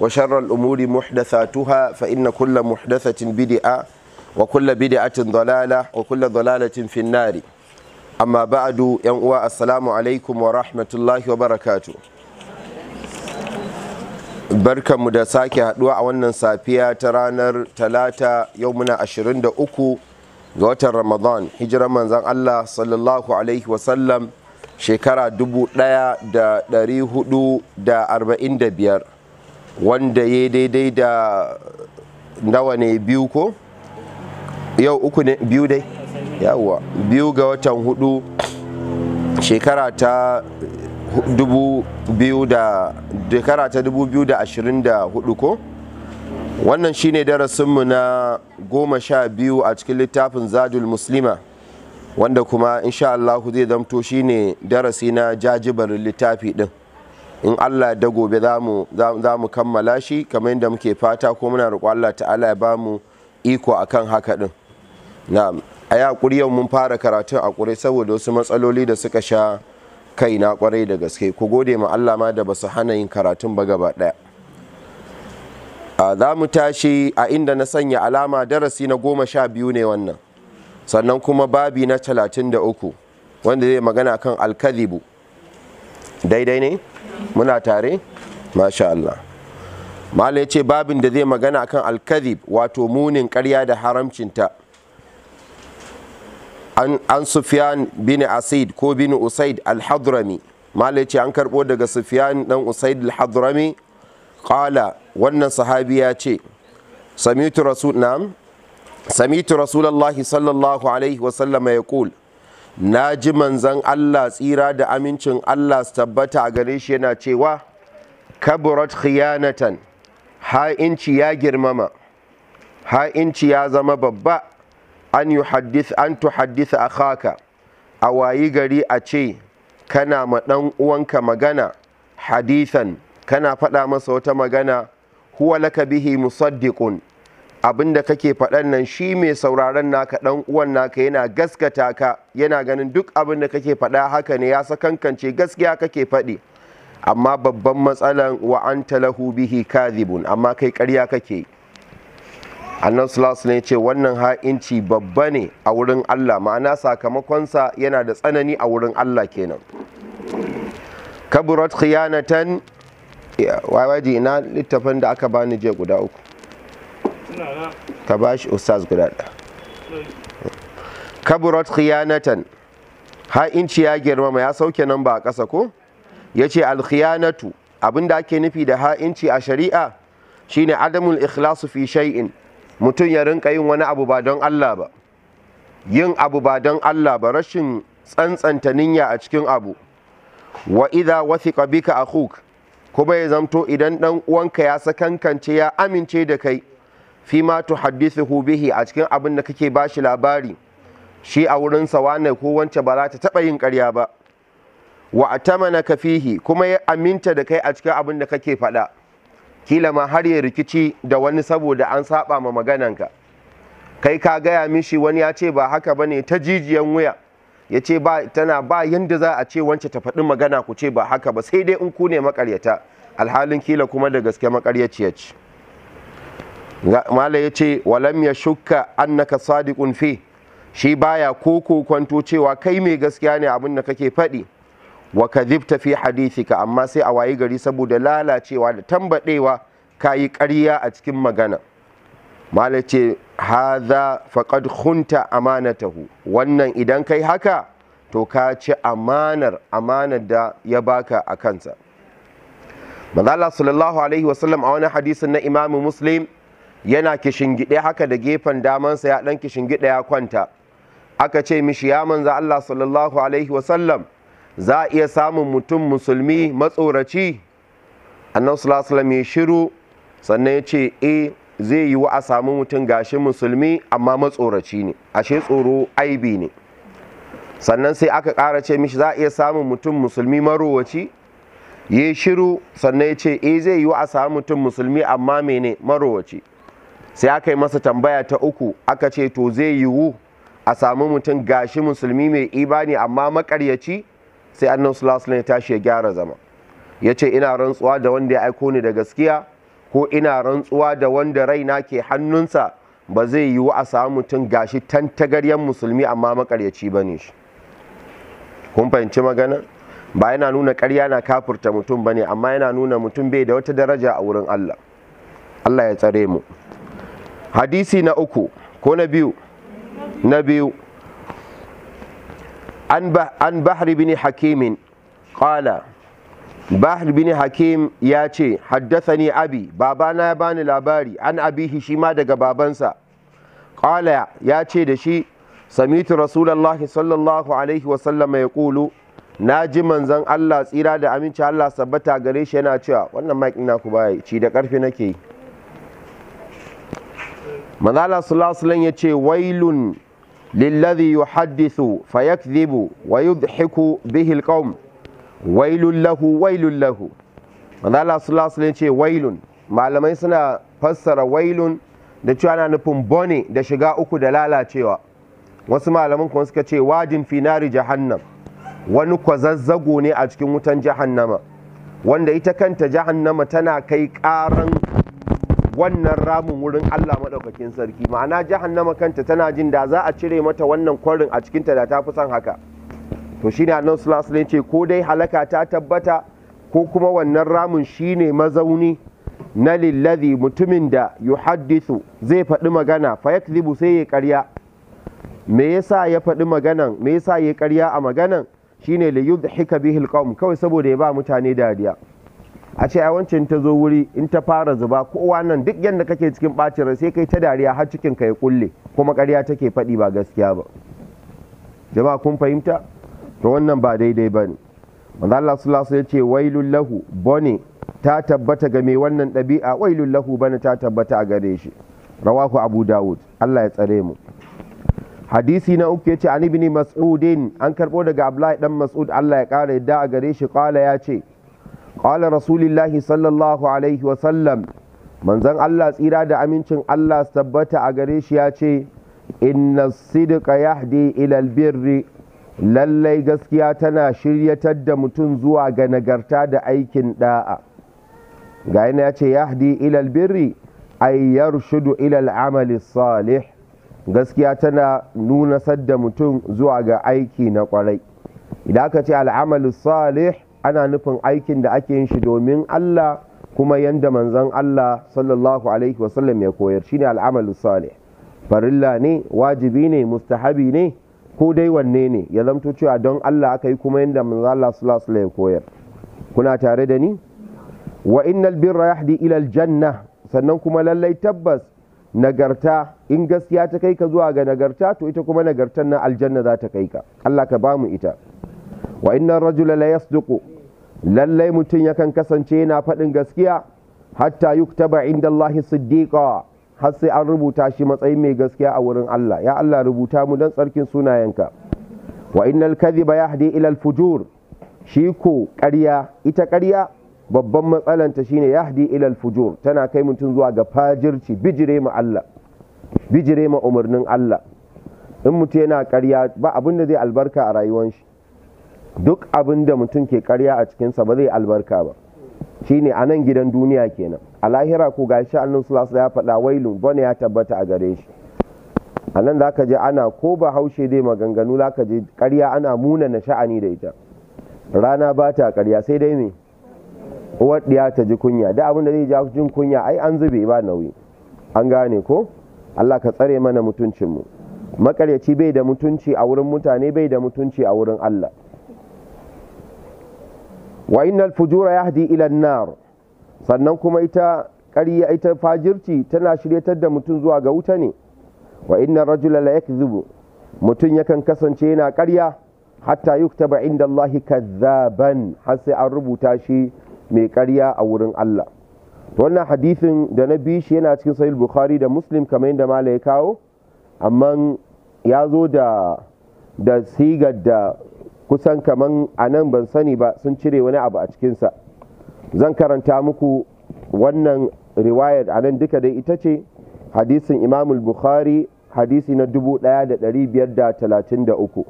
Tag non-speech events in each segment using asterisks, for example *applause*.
وشر الأمور محدثاتها فإن كل محدثة بدعة وكل بدعة ضلالة وكل ضلالة في النار أما بعد ينقوى السلام عليكم ورحمة الله وبركاته barka mu da sake haduwa a wannan safiya ta ranar talata yau muna 23 ga watan ramadan hijiran manzan allah sallallahu alaihi wasallam shekara 1445 wanda ya daidai da nawa ne biyu ko yau uku ne biyu dai yawwa biyu ga watan hudu shekara ta dubu biyu da shekara ta dubu biyu da ashirin da hudu ko wannan shine darasinmu na goma sha biyu a cikin littafin zadul muslima wanda kuma insha Allah zai zamto shine darasi na jajibar littafi din in Allah da gobe za mu kammala shi kamar yadda muke fata ko muna roƙo Allah ta'ala ya ba mu iko akan haka din na'am a yaƙuri yau mun fara karatun a ƙure saboda wasu matsaloli da suka sha kai na ƙwarai da gaske ku gode ma Allah ma da basu hana yin karatun ba gaba ɗaya za mu tashi a inda na sanya alama darasi na goma sha biyu ne wannan sannan kuma babi na talatin da uku wanda zai magana kan alkazibu daidai ne muna tare masha Allah mala ya ce babin da zai magana akan alkazib wato munin karya da haramcinta an sufiyan bin asid ko bin usaid alhadrami mala ya ce an karbo daga sufiya'n dan usaid alhadrami kala qala wannan sahabi ya ce samitu rasul nam samitu rasulullahi sallallahu alaihi wa ya kula na ji manzan Allah tsira da amincin Allah su tabbata a gare shi yana cewa kaburat khiyanatan ha'inci ya girmama ha'inci ya zama babba an yi an tuhaddisa akhaka a wayi gari a ce kana ma ɗan uwanka magana hadisan kana faɗa masa wata magana huwa laka bihi musaddiqun abin da kake faɗan nan shi mai sauraron naka ɗan uwan naka yana gaskata ka yana ganin duk abin da kake faɗa haka ne ya sakankance gaskiya kake faɗi amma babban matsalan wa an talahu bihi kadhibun amma kai karya kake annan sulasu ne ce wannan ha'inci babba ne a wurin allah ma'ana sakamakonsa yana da tsanani a wurin allah kenan kaburat khiyanatan waje ina littafin da aka bani je guda uku ka ba shi ustaz guda ɗa kaburot khiyanatan ha'inci ya girmama ya sauke nan ba a ƙasa ko ya ce alkhiyanatu da ake nufi da ha'inci a shari'a shine adamul ikhlasu fi shay'in mutum ya rinka yin wani abu ba don Allah ba yin abu ba don Allah ba rashin tsantsanta niyya a cikin abu wa idha wathiqa bika akhuk kuma ya zamto idan dan uwanka ya sakankance ya amince da kai fi ma tuhaddithu hubihi a cikin abin da kake shi labari shi a wurin sa ko wance ba za ta taɓa yin karya ba wa atamana ka kuma ya aminta da kai a cikin abin da kake faɗa kila ma har ya rikici da wani saboda an saba ma magananka kai ka gaya mishi wani ya ce ba haka ba ne ta jijiyan wuya ya ce tana ba yadda za a ce wance ta faɗi magana ku ce ba haka ba sai dai in ku ne makaryata alhalin kila kuma da gaske makaryaciya ce malai ya ce walam ya shukka annaka sadiqun fi shi baya ko kwanto cewa kai mai gaskiya ne abin da kake faɗi wa kadhibta fi hadithika amma sai a wayi gari saboda lalacewa da tambadewa kayi ƙarya a cikin magana malai ce haza faqad khunta amanatahu wannan idan kai haka to ka ci amanar amanar da ya baka a kansa Allah sallallahu alaihi wasallam a wani hadisin na Imam Muslim yana kishingide haka da gefen damansa ya ɗan kishingide ya kwanta aka ce mishi ya manza Allah sallallahu alaihi wasallam za a iya samun mutum musulmi matsoraci annan sallallahu ya shiru sannan ya ce e zai yi wa a samu mutum gashi musulmi amma matsoraci ne ashe tsoro aibi ne sannan sai aka ƙara ce mishi za a iya samun mutum musulmi marowaci ya shiru sannan ya ce e zai yi wa a samu mutum musulmi amma mene marowaci sai aka yi masa tambaya ta uku aka ce to zai yiwu a samu mutum gashi musulmi mai ibani amma makaryaci sai annan sulasun tashi ya gyara zama ya ce ina rantsuwa da wanda ya aiko ni da gaskiya ko ina rantsuwa da wanda raina ke hannunsa ba zai yiwu a samu mutum gashi tantagaryen musulmi amma makaryaci ba ne shi kun fahimci magana ba yana nuna karya na kafurta mutum ba ne amma yana nuna mutum bai da wata daraja a wurin allah allah ya tsare mu hadisi na uku ko na biyu na biyu an bahri bin hakimin ƙala bahri bin hakim ya ce ni abi babana ya bani labari an abihi shi ma daga babansa ƙala ya ce da shi samitu rasulallah sallallahu alaihi wasallam ya kulu na ji manzan Allah tsira da aminci Allah sabbata gare shi yana cewa wannan maƙina ku baya ci da karfi nake yi manzala sallallahu ya ce wailun lillazi yuhaddithu fayakdhibu wa yudhiku bihi alqaum wailun lahu wailun lahu manzala sallallahu ya ce wailun malamai suna fassara wailun da cewa na nufin bone da shiga uku da lalacewa wasu malaman kuma suka ce wajin finari jahannam wani kwazazzago ne a cikin wutan jahannama wanda ita kanta jahannama tana kai karan wannan ramin wurin Allah maɗaukakin sarki ma'ana jahannama kanta tana jin da za a cire mata wannan kwarin a cikinta da ta fi son haka to shine annabi sallallahu sulasulai ce ko dai halaka ta tabbata ko kuma wannan ramin ne mazauni na lillazi mutumin da yuhaddithu zai faɗi magana fa sai ya ƙarya me yasa ya faɗi maganan me yasa ya karya a maganan shine li yudhika bihi alqaum kawai saboda ya ba mutane dariya a ce a wancan ta zo wuri in ta fara zuba kowa nan duk yadda kake cikin ɓacin rai sai kai ta dariya har cikin ka ya kulle kuma ƙarya take faɗi ba gaskiya ba jama'a kun fahimta to wannan ba daidai ba ne manzo Allah sallallahu ya ce wailul lahu ta tabbata game wannan ɗabi'a wailul lahu bane ta tabbata a gare shi rawahu abu dawud Allah ya tsare mu hadisi na uku ya yace an ibni mas'udin an karbo daga abdullahi dan mas'ud Allah ya kara yadda a gare shi qala ya ce qala rasulillahi sallallahu alaihi wasallam manzon Allah tsira da amincin Allah tabbata a gare shi ya ce inna sidqa yahdi ila birri. lallai gaskiya tana shiryatar da mutum zuwa ga nagarta da aikin da'a ga yana yahdi ilal birri. ay yarshudu ila al'amali salih gaskiya tana nuna sadda mutum zuwa ga aiki na kwarai idan aka ce al'amali salih ana nufin aikin da ake yin shi domin Allah kuma yanda manzon Allah sallallahu alaihi wasallam ya koyar shine al'amalu salih farilla ne wajibi ne mustahabi ne ko dai wanne ne ya zamto cewa don Allah aka yi kuma yanda manzon Allah sallallahu alaihi ya koyar kuna tare da ni wa innal birra yahdi ila aljanna sannan kuma lallai tabbas nagarta in gaskiya ta kai ka zuwa ga nagarta to ita kuma nagartar nan aljanna za ta kai ka Allah ka bamu ita wa innar rajula la yasduqu lallai mutum yakan kasance yana faɗin gaskiya hatta yuktaba inda Allah siddiqa har sai an rubuta shi matsayin mai gaskiya a wurin Allah ya Allah rubuta mu don tsarkin sunayenka wa innal kadhiba yahdi ila al fujur shi ko ƙarya ita ƙarya babban matsalanta shine yahdi ila al fujur tana kai mutum zuwa ga fajirci bijire ma Allah bijire ma umarnin Allah in mutum yana ƙarya ba abin da zai albarka a rayuwar shi duk abin da mutum ke karya a cikinsa ba zai albarka ba shine a nan gidan duniya kenan a lahira ko ga shi annun sulasa ya faɗa wailun bane ya tabbata a gare shi a nan za ka je ana ko ba haushe dai maganganu zaka je karya ana muna na sha'ani da ita rana ba ta karya sai dai me uwar ɗiya ta ji kunya da abin da zai ja jin kunya ai an zube ba nauyi an gane ko Allah ka tsare mana mutuncinmu makaryaci bai da mutunci a wurin mutane bai da mutunci a wurin Allah wa innal fujura yahdi ila nar sannan kuma ita ƙarya ita fajirci tana shiryatar da mutum zuwa ga wuta ne wa inna rajula la yakzubu mutum yakan kasance yana ƙarya hatta ba inda Allah kazzaban har sai an rubuta shi mai ƙarya a wurin Allah wannan hadisin da na bi shi yana cikin sahih bukhari da muslim kamar yadda mala ya kawo amma ya zo da da sigar da kusan kaman a nan ban sani ba sun cire wani abu a cikinsa zan karanta muku wannan riwayar a nan duka dai ita ce hadisin imamul bukhari hadisi na 1533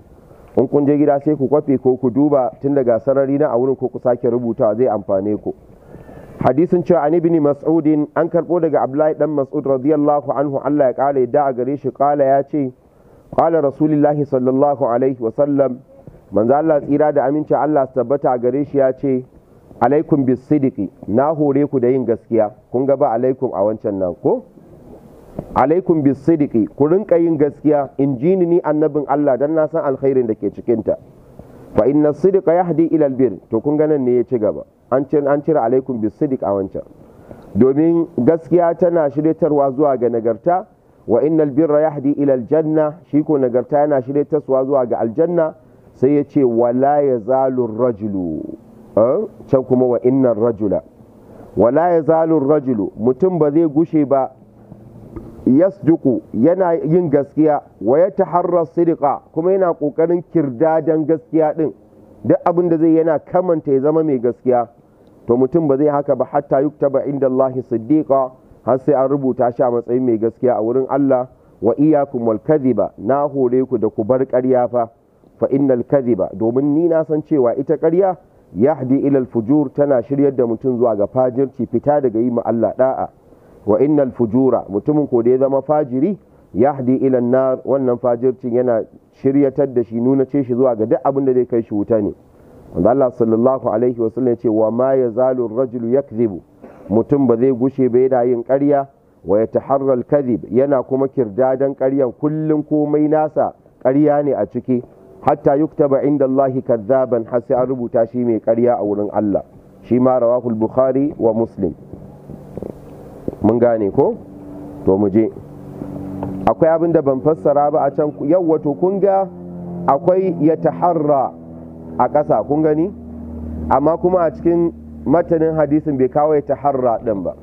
in kun je gida sai ku kwafe ko ku duba tun daga sarari na a wurin ko ku sake rubuta zai amfane ku hadisin cewa an ibini mas'udin an karbo daga abdullahi dan mas'ud radiyallahu anhu Allah ya kala yadda a gare shi kala ya ce kala rasulullahi sallallahu alaihi wa manzo Allah tsira da amincin Allah su tabbata gare shi ya ce alaikum bis sidiki na hore ku da yin gaskiya kun ga ba alaikum a wancan nan ko alaikum bis sidiki ku rinka yin gaskiya in ji ni annabin Allah dan na san alkhairin da ke cikinta ta fa inna sidika yahdi ila albir to kun ga nan ne ya ci gaba an ce an cire alaikum bis sidik a wancan domin gaskiya tana shiryatarwa zuwa ga nagarta wa innal birra yahdi ila aljanna shi ko nagarta yana shiryatarwa zuwa ga aljanna sai ya ce wala ya zalun rajulu eh? can kuma wa innan rajula wala ya zalun rajulu mutum ba zai gushe ba yasduku yana yin gaskiya wa ya taharrar sidika kuma yana ƙoƙarin kirdadan gaskiya ɗin duk abin da zai yana kamanta ya zama mai gaskiya to mutum ba zai haka ba hatta taba inda Allah siddiqa har sai an rubuta shi a matsayin mai gaskiya a wurin Allah wa iyakum wal kadhiba na hore ku da ku bar ƙarya fa fa innal kadhiba domin ni na san cewa ita ƙarya yahdi ilal fujur tana shiryar da mutum zuwa ga fajirci fita daga yi ma Allah da'a wa innal fujura mutumin ko da ya zama fajiri yahdi ila nar wannan fajircin yana shiryatar da shi nuna ce shi zuwa ga duk abin da zai kai shi wuta ne wanda Allah sallallahu alaihi wa sallam ce wa ma yazalu ar-rajulu yakdhibu mutum ba zai gushe ba yana yin ƙarya wa yataharral al-kadhib yana kuma kirdadan ƙaryan kullun komai nasa ƙarya ne a ciki hatta yuktaba inda Allah kazzaban har sai an rubuta shi mai ƙarya a wurin Allah shi ma rawahul bukhari wa muslim mun gane ko to mu je akwai abin da ban fassara ba a can yau wato kun ga akwai ya taharra a ƙasa kun gani amma kuma a cikin matanin hadisin bai kawo ya taharra ɗin ba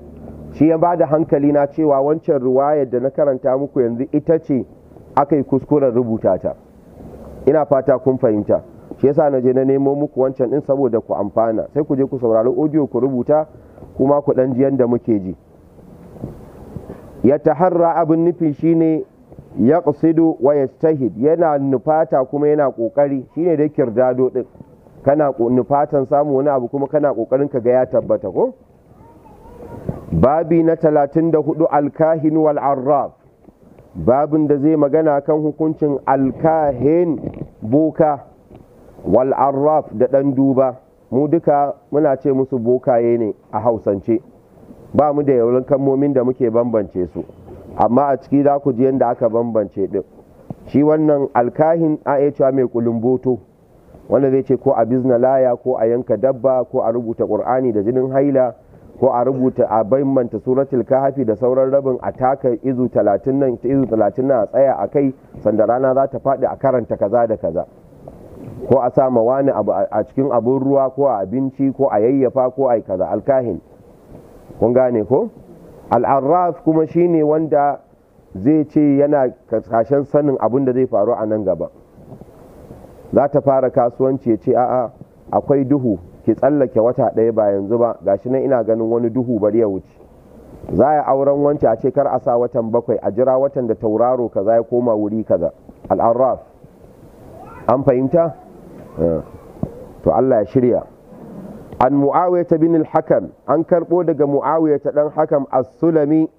shi ya ba da hankali na cewa wancan ruwayar da na karanta muku yanzu ita ce aka yi kuskuren rubuta ta ina fata kun fahimta shi yasa na je na nemo muku wancan din saboda ku amfana sai ku je ku saurari audio ku rubuta kuma ku dan ji yanda muke ji ya taharra abin nufi shine ya ƙusidu wa yastahid yana nufata kuma yana kokari shine da kirdado din kana nufatan samu wani abu kuma kana kokarin ka ga ya tabbata ko babi na 34 alkahin wal arraf babin da zai magana kan hukuncin alkahin boka wal arraf da ɗan duba mu duka muna ce musu bokaye ne a hausance ba mu da yawan kammomin da muke bambance su amma a ciki za ku ji yadda aka bambance ɗin shi wannan alkahin a cewa mai kulumboto wanda zai ce ko a bizna laya ko a yanka dabba ko a rubuta ƙur'ani da jinin haila ko a rubuta a bambanta suratul tilkahafi da sauran rabin a taka izu talatin nan izu 30 nan a tsaya a kai sanda rana za ta faɗi a karanta kaza da kaza ko a sa wani a cikin abun ruwa ko a abinci ko a yayyafa ko a kaza alkahin kun gane ko al'arraf kuma shine wanda zai ce yana kashen sanin abun da zai faru a nan gaba za ta fara kasuwanci ya ce a'a akwai duhu ki tsallake wata ɗaya ba yanzu ba gashi nan ina ganin wani duhu bari ya wuce za a auren wancan a ce kar a sa watan bakwai a jira watan da tauraro kaza ya koma wuri kaza al'arraf an fahimta eh. to Allah ya shirya an mu'awiya ta bin al-hakam an karbo daga mu'awiya ta dan hakam as-sulami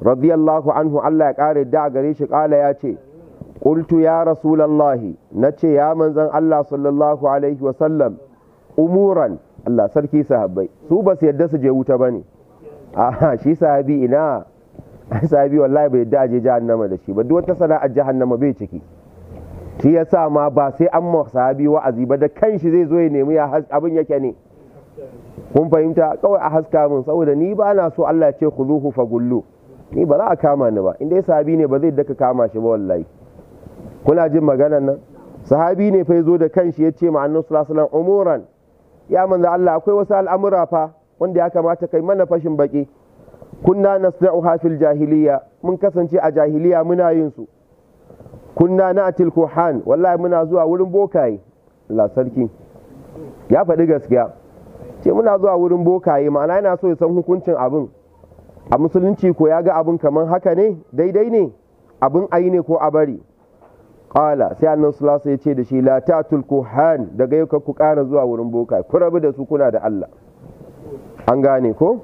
radiyallahu anhu Allah ya kare da gare shi kala ya ce qultu ya Na ce ya manzon Allah sallallahu alaihi wa sallam umuran Allah sarki sahabbai su ba su yadda su je wuta bane a shi sahabi ina sahabi wallahi bai yadda aje jahannama da shi ba duk wata sana'ar jahannama bai ciki shi ya sa ma ba sai an ma sahabi wa'azi ba da kanshi zai zo ya nemi ya abin yake ne kun fahimta kawai a haska min saboda ni ba na so Allah ya ce ku fagullu ni ba za a kama ni ba inda ya sahabi ne ba zai daka kama shi ba wallahi kuna jin maganar nan sahabi ne fa zo da kanshi ya ce ma annabi sallallahu alaihi umuran ya manza Allah akwai wasu al'amura fa wanda ya kamata kai mana fashin baki kunna nasna'uha hafil jahiliya mun kasance a jahiliya muna yin su kunna na'til kuhan wallahi muna zuwa wurin bokaye Allah sarki ya faɗi gaskiya ce muna zuwa wurin bokaye ma'ana yana so ya san hukuncin abin a musulunci ko ya ga abin kamar haka ne daidai ne abin ayi ne ko a bari qala sai annan sulasa ya ce da shi la ta'tul kuhan daga yau ku ƙara zuwa wurin boka ku rabu da su kuna da Allah an gane ko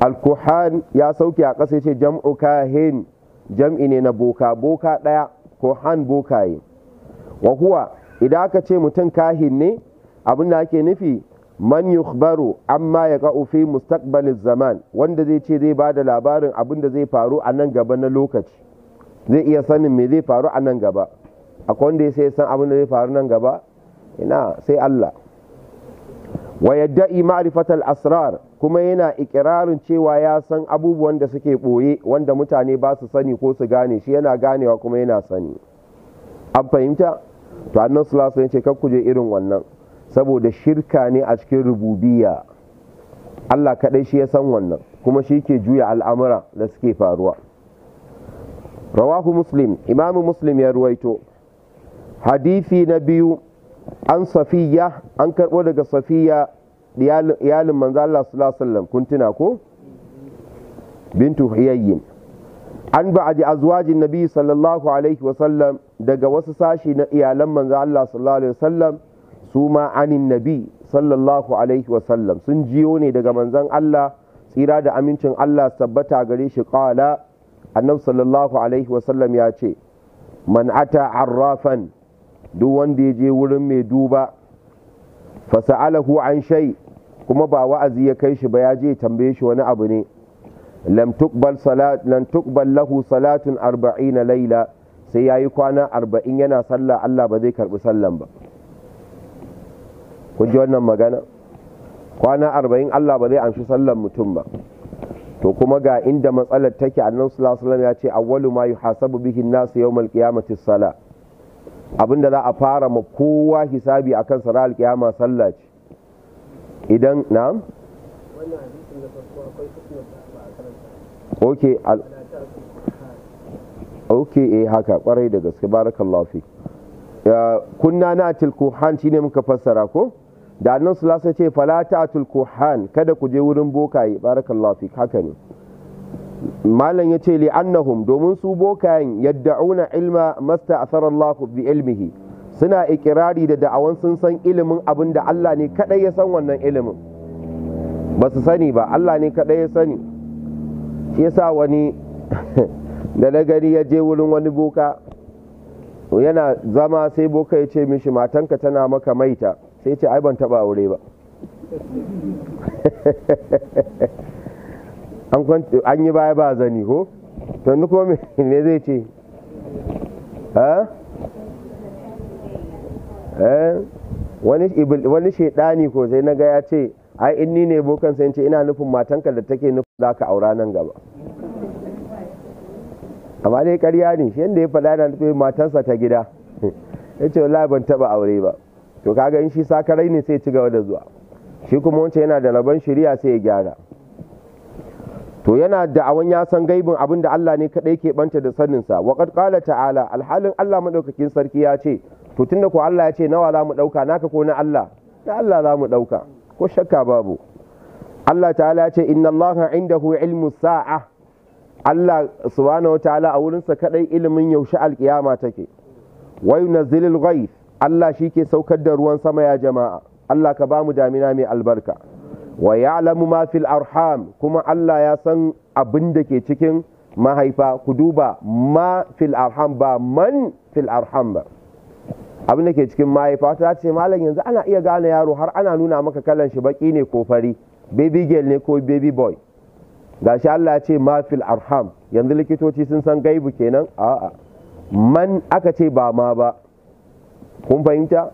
al-kuhan ya sauke a ƙasa yace ce jam'u kahin jam'i ne na boka boka ɗaya kuhan bokaye wa huwa idan aka ce mutum kahin ne abin da ake nufi man yukhbaru amma ya ka'u fi mustaqbalin zaman wanda zai ce zai bada labarin abin da zai faru a nan gaba na lokaci zai iya sanin me zai faru a nan gaba akwai wanda ya sai san abin da zai faru nan gaba ina sai Allah wa yadda'i ma'rifatal asrar kuma yana ikirarin cewa ya san abubuwan da suke ɓoye, wanda mutane ba su sani ko su gane shi yana ganewa kuma yana sani an fahimta to annan sulasa ya ce kakkuje irin wannan saboda shirka ne a cikin rububiya Allah kaɗai shi ya san wannan kuma shi ke juya al'amura da suke faruwa rawahu muslim imamu muslim ya ruwaito hadisi na biyu an safiya an karɓo daga safiya iyalin manzan Allah sallallahu alaihi wasallam kun tuna ko bintu hiyayyin an ba'adi azwajin nabi sallallahu alaihi wasallam daga wasu sashi na iyalan manzan Allah sallallahu alaihi wasallam su ma anin nabi sallallahu alaihi wasallam sun jiyo ne daga manzan Allah tsira da amincin Allah tabbata gare shi qala annab sallallahu alaihi wasallam ya ce man ata arrafan duk wanda ya je wurin mai duba fasa'alahu an shai kuma ba wa'azi ya kai shi ba ya je tambaye shi wani abu ne lantukbal lahu salatun na laila sai yi kwana arba'in yana sallah Allah ba zai karbi sallan ba kun ji wannan magana kwana arba'in Allah ba zai amshi sallan mutum ba to kuma ga inda matsalar take annan sallallahu alaihi wasallam ya ce awwalu ma yuhasabu bihi an nasu yawm qiyamati as abinda za a fara ma kowa hisabi akan Sara alkiyama sallah ce idan na ok al ok eh haka kwarai da gaske barakallahu fi kunna na tilkuhan shine muka fassara ko da annan sulasa ce falata tilkuhan kada ku je wurin bokaye barakallahu fi haka ne malam ya ce li'annahum domin su bokayen yadda'una ilma masta asarallahu bi ilmihi suna ikirari da da'awan sun san ilimin abin da Allah ne kadai ya san wannan ilimin ba su sani ba Allah ne kaɗai ya sani shi yasa wani *laughs* da na gani ya je wurin wani boka yana zama sai boka ya ce mishi matanka tana maka maita sai ce ai ban taba aure ba *laughs* an yi baya ba zani ko yanzu kuma me zai ce wani shaidani ko sai na ga ya ce ai in ni ne bokan sai ce ina nufin matanka da take nufin za ka aura nan gaba amma dai karya ne shi yadda ya faɗa yana nufin matansa ta gida ya ce wallahi ban taɓa aure ba to kaga in shi sakarai ne sai ci gaba da zuwa shi kuma wancan yana da rabon shirya sai ya gyara to yana da'awan ya san gaibin abin da Allah ne kadai ke banta da saninsa wa qad qala ta'ala alhalin Allah maɗaukakin sarki ya ce to tunda ko Allah ya ce nawa za mu dauka naka ko na Allah da Allah za mu dauka ko shakka babu Allah ta'ala ya ce inna Allah indahu ilmu sa'a Allah subhanahu ta'ala a wurinsa kadai ilimin yaushe alkiyama take wa yunazzilul ghaith Allah shi ke saukar da ruwan sama ya jama'a Allah ka bamu damina mai albarka wa ya'lamu ma fil arham kuma Allah ya san abin da ke cikin mahaifa ku duba ma fil arham ba man fil arham ba abin da ke cikin mahaifa ta ce malam yanzu ana iya gane yaro har ana nuna maka kalan shi baki ne ko fari baby girl ne ko baby boy Ga shi Allah ya ce ma fil arham yanzu likitoci sun san gaibu kenan a'a man aka ce ba ma ba kun fahimta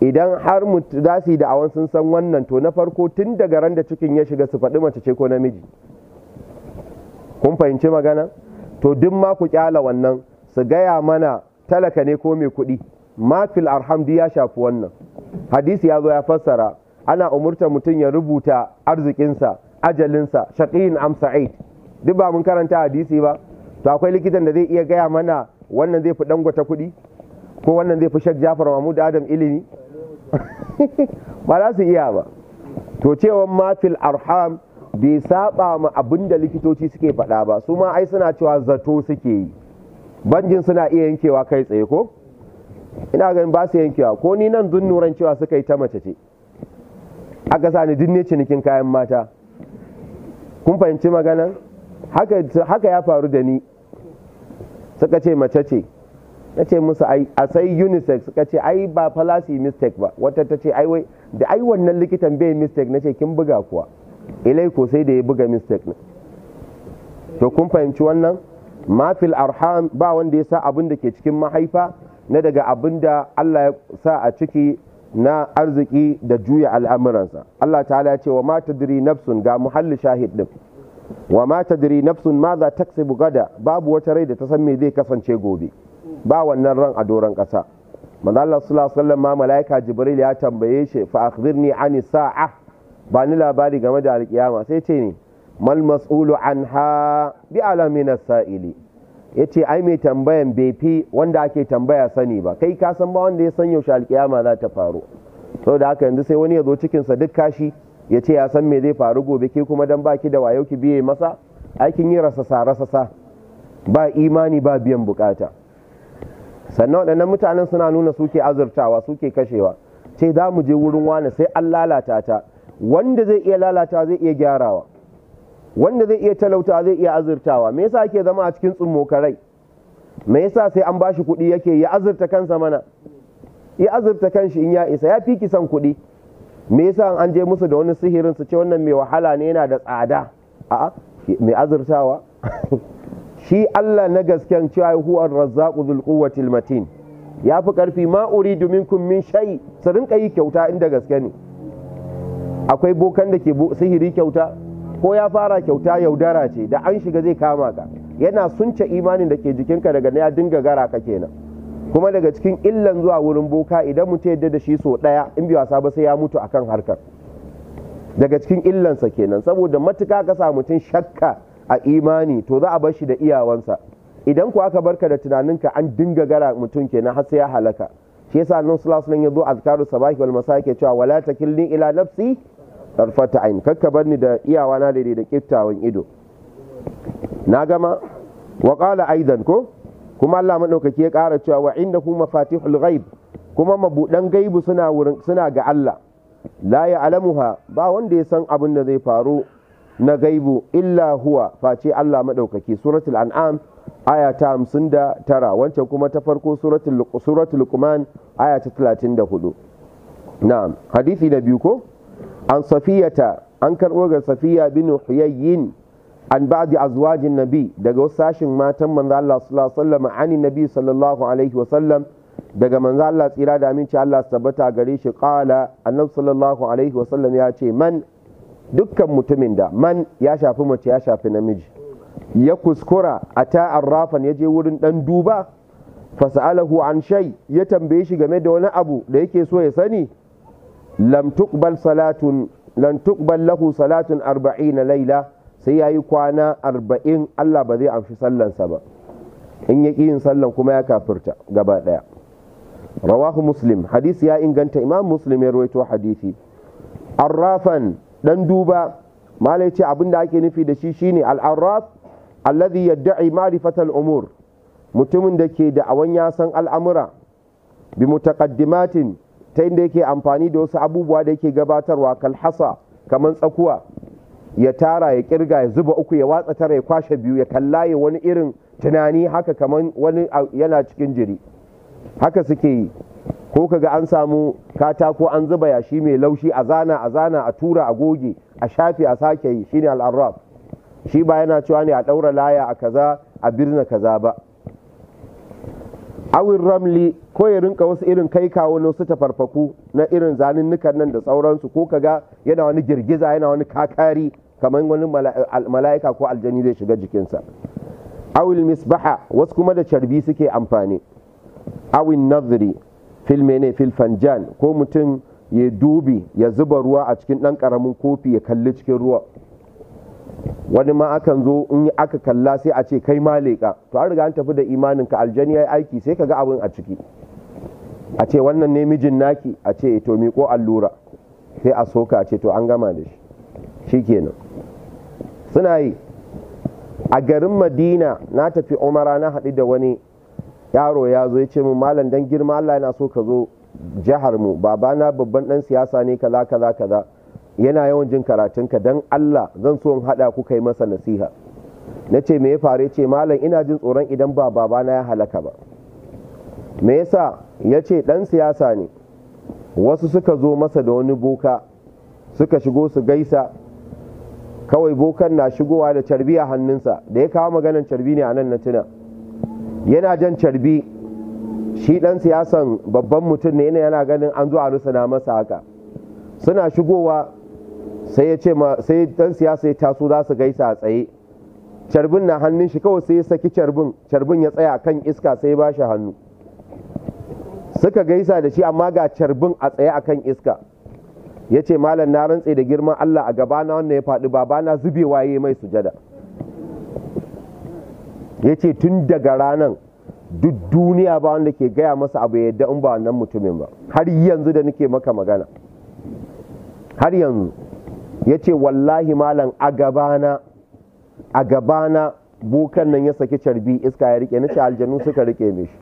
idan har za su yi da'awan sun san wannan to na farko tun daga ran da cikin ya shiga su faɗi mace ce ko namiji kun fahimci magana to duk ma ku kyala wannan su gaya mana talaka ne ko mai kuɗi ma fil arhamdi ya shafi wannan hadisi ya zo ya fassara ana umurta mutum ya rubuta arzikinsa ajalinsa shaqiyin amsa sa'id duk ba mun karanta hadisi ba to akwai likitan da zai iya gaya mana wannan zai fi dangwata kuɗi ko wannan zai fi shak jafar mahmud adam ilimi *laughs* ba za su iya ba to cewan mafil arham bai saba ma abin da likitoci suke faɗa ba su ma ai suna cewa zato suke yi banjin suna iya yankewa kai tsaye ko ina ganin ba su yankewa ko ni nan nuran cewa suka yi ta mace ce aka sa ni dinne cinikin kayan mata kun fahimci magana haka ya faru da ni suka ce mace ce Nace ce musu a sai unisex ka ce ai ba falasi mistake ba wata ta ce ai da ai wannan likitan bai mistake na ce kin buga kuwa ilai ko sai da ya buga mistake ne to kun fahimci wannan mafil arham ba wanda ya sa abin da ke cikin mahaifa na daga abin da Allah ya sa a ciki na arziki da juya al'amuransa Allah ta'ala ya ce wa ma diri nafsun ga muhalli shahid din wa ma diri nafsun ma za taksibu gada babu wata rai da ta san me zai kasance gobe ba wannan ran a doron ƙasa manzo sula sallallahu ma malaika jibril ya tambaye shi fa akhbirni ani sa'a ba ni labari game da alkiyama sai ce ne mal mas'ulu ha bi alamin sa'ili yace ai mai tambayan bai fi wanda ake tambaya sani ba kai ka san ba wanda ya san yaushe alkiyama za ta faru saboda haka yanzu sai wani ya zo cikinsa duk kashi ya ce ya san me zai faru gobe ke kuma dan baki da wayo ki biye masa aikin yi rasasa rasasa ba imani ba biyan bukata sannan waɗannan mutanen suna nuna suke azurtawa suke kashewa ce za mu je wurin wani sai an lalata ta wanda zai iya lalata zai iya gyarawa wanda zai iya talauta zai iya azurtawa me yasa ke zama a cikin tsummokarai me yasa sai an bashi kuɗi yake ya azurta kansa mana ya azurta kanshi in ya isa ya fi kisan kuɗi me yasa an je musu da wani sihirin su ce wannan mai wahala ne yana da tsada a'a mai azurtawa *laughs* shi Allah na gasken cewa huwa razzaqu dhul quwwati matin ya fi karfi ma uridu minkum min shay su rinka yi kyauta inda gaske ne akwai bokan da ke sihiri kyauta ko ya fara kyauta yaudara ce da an shiga zai kama ka yana sunce imanin da ke jikinka daga na ya dinga gara ka kenan kuma daga cikin illan zuwa wurin boka idan mutum yadda da shi so ɗaya in bi wasa ba sai ya mutu akan harkar daga cikin illansa kenan saboda matuka ka sa mutum shakka a imani to za a bar shi da iyawansa idan ku aka barka da tunaninka an dinga gara mutum ke na ya halaka shi yasa annabi nan ya zo a azkaru sabahi wal masa yake cewa wala takilni ila nafsi tarfata ain kakka ni da iyawana na da da kiftawan ido na gama wa qala aidan ko kuma Allah madaukaki ya kara cewa wa kuma mafatihul ghaib kuma mabudan gaibu suna wurin suna ga Allah la alamuha ba wanda ya san abin da zai faru na gaibu illa huwa face Allah maɗaukaki suratul an'am aya ta hamsin da tara wancan kuma ta farko suratul luqman aya ta talatin da hudu na'am hadisi na biyu ko an safiyata an karɓo ga safiya bin huyayyin an ba'di azwajin nabi daga wasu sashin matan manzo Allah sallallahu alaihi wasallam ani nabi sallallahu alaihi wasallam daga manzo Allah tsira da aminci Allah tabbata gare shi qala annabi sallallahu alaihi wasallam ya ce man dukkan mutumin da man ya shafi mace ya shafi namiji ya kuskura a ta'ar rafan ya je wurin ɗan duba fasa'alahu an shai ya tambaye shi game da wani abu da yake so ya sani lam tuqbal salatun lan na lahu salatun laila sai ya yi kwana arba'in. Allah ba zai amshi sallansa ba in ya yin sallan kuma ya kafirta gaba daya rawahu muslim hadisi ya inganta imam muslim ya rawaito hadisi arrafan dan duba malai ce abin da ake nufi da shi shine al'arraf alladhi yadda'i ma'rifatal umur mutumin da ke da awan ya san al'amura bi mutaqaddimatin ta inda yake amfani da wasu abubuwa da yake gabatarwa kal hasa kaman tsakuwa ya tara ya kirga ya zuba uku ya watsa tara ya kwashe biyu ya kalla ya wani irin tunani haka kaman wani yana cikin jiri haka suke yi ko kaga an samu katako an zuba yashi mai laushi a zana a zana a tura a goge a shafi a sake yi shine al'arraf shi ba yana cewa ne a ɗaura laya a kaza a birna kaza ba awin ramli ko ya rinka wasu irin kai kawo na wasu tafarfaku na irin nukan nan da sauransu ko kaga yana wani girgiza yana wani kakari kamar wani mala'ika ko aljani zai shiga jikinsa awil misbaha wasu kuma da carbi suke amfani awin nazari fil ne fil fanjan ko mutum ya dubi ya zuba ruwa a cikin ɗan ƙaramin kofi ya kalli cikin ruwa wani ma akan zo in aka kalla sai a ce kai ma leƙa to an riga an tafi da imanin ka aljani ya aiki sai ka ga abin a ciki a ce wannan ne mijin naki a ce to miƙo allura sai a soka a ce to an gama da shi shikenan suna yi a garin madina na tafi umara na haɗu da wani yaro ya zo ya ce min malam dan girma Allah yana so ka zo jihar mu babana babban dan siyasa ne kaza kaza kaza yana yawan jin ka dan Allah zan so in hada ku kai masa nasiha na ce me ya faru ce malam ina jin tsoron idan ba babana ya halaka ba me yasa ya ce dan siyasa ne wasu suka zo masa da wani boka suka shigo su gaisa kawai bokan na shigowa da carbi a hannunsa da ya kawo maganan carbi ne a nan na tuna yana jan carbi shi dan siyasan babban mutum ne yana yana ganin an zo a rusuna masa haka suna shigowa sai ya ce sai dan siyasa ya taso za su gaisa a tsaye carbin na hannun shi kawai sai ya saki carbin carbin ya tsaya kan iska sai ya ba shi hannu suka gaisa da shi amma ga carbin a tsaye a kan iska ya ce malam na rantse da girman allah a gabana wannan ya faɗi babana zubewa ya yi mai sujada ya ce tun daga ranar duk duniya ba wanda ke gaya masa abu yadda in ba nan mutumin ba har yanzu da nake maka magana har yanzu ya ce wallahi malam a gabana a gabana bukan nan ya saki carbi iska ya rike na ce aljanu suka rike mishi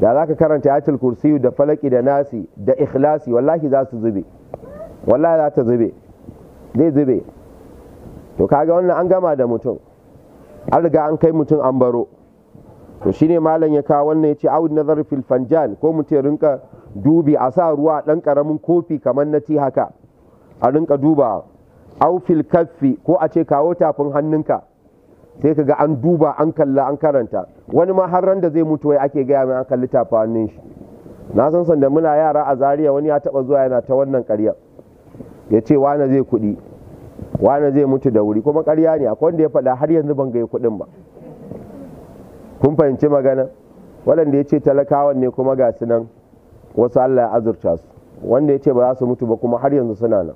da za ka karanta ya kursiyu da falaki da nasi da ikhlasi wallahi za su zube wallahi za ta zube zai zube to kaga wannan an gama da mutum an riga an kai mutum an baro to shine malam ya kawo wannan ya ce awud nazar fil fanjan ko mutum ya rinka dubi a sa ruwa dan karamin kofi kamar na ti haka a rinka duba au fil kaffi ko a ce kawo tafin hannunka sai ka ga an duba an kalla an karanta wani ma har ran da zai mutu wai ake gaya mai an kalli tafin hannun shi na san sanda muna yara a zaria wani ya taba zuwa yana ta wannan karya ya ce na zai kuɗi wane zai mutu da wuri kuma karya ne akwai wanda ya fada har yanzu ban gaya kuɗin ba kun fahimci magana waɗanda ya ce talakawan ne kuma ga su nan wasu allah ya azurta su wanda ya ce ba za su mutu ba kuma har yanzu suna nan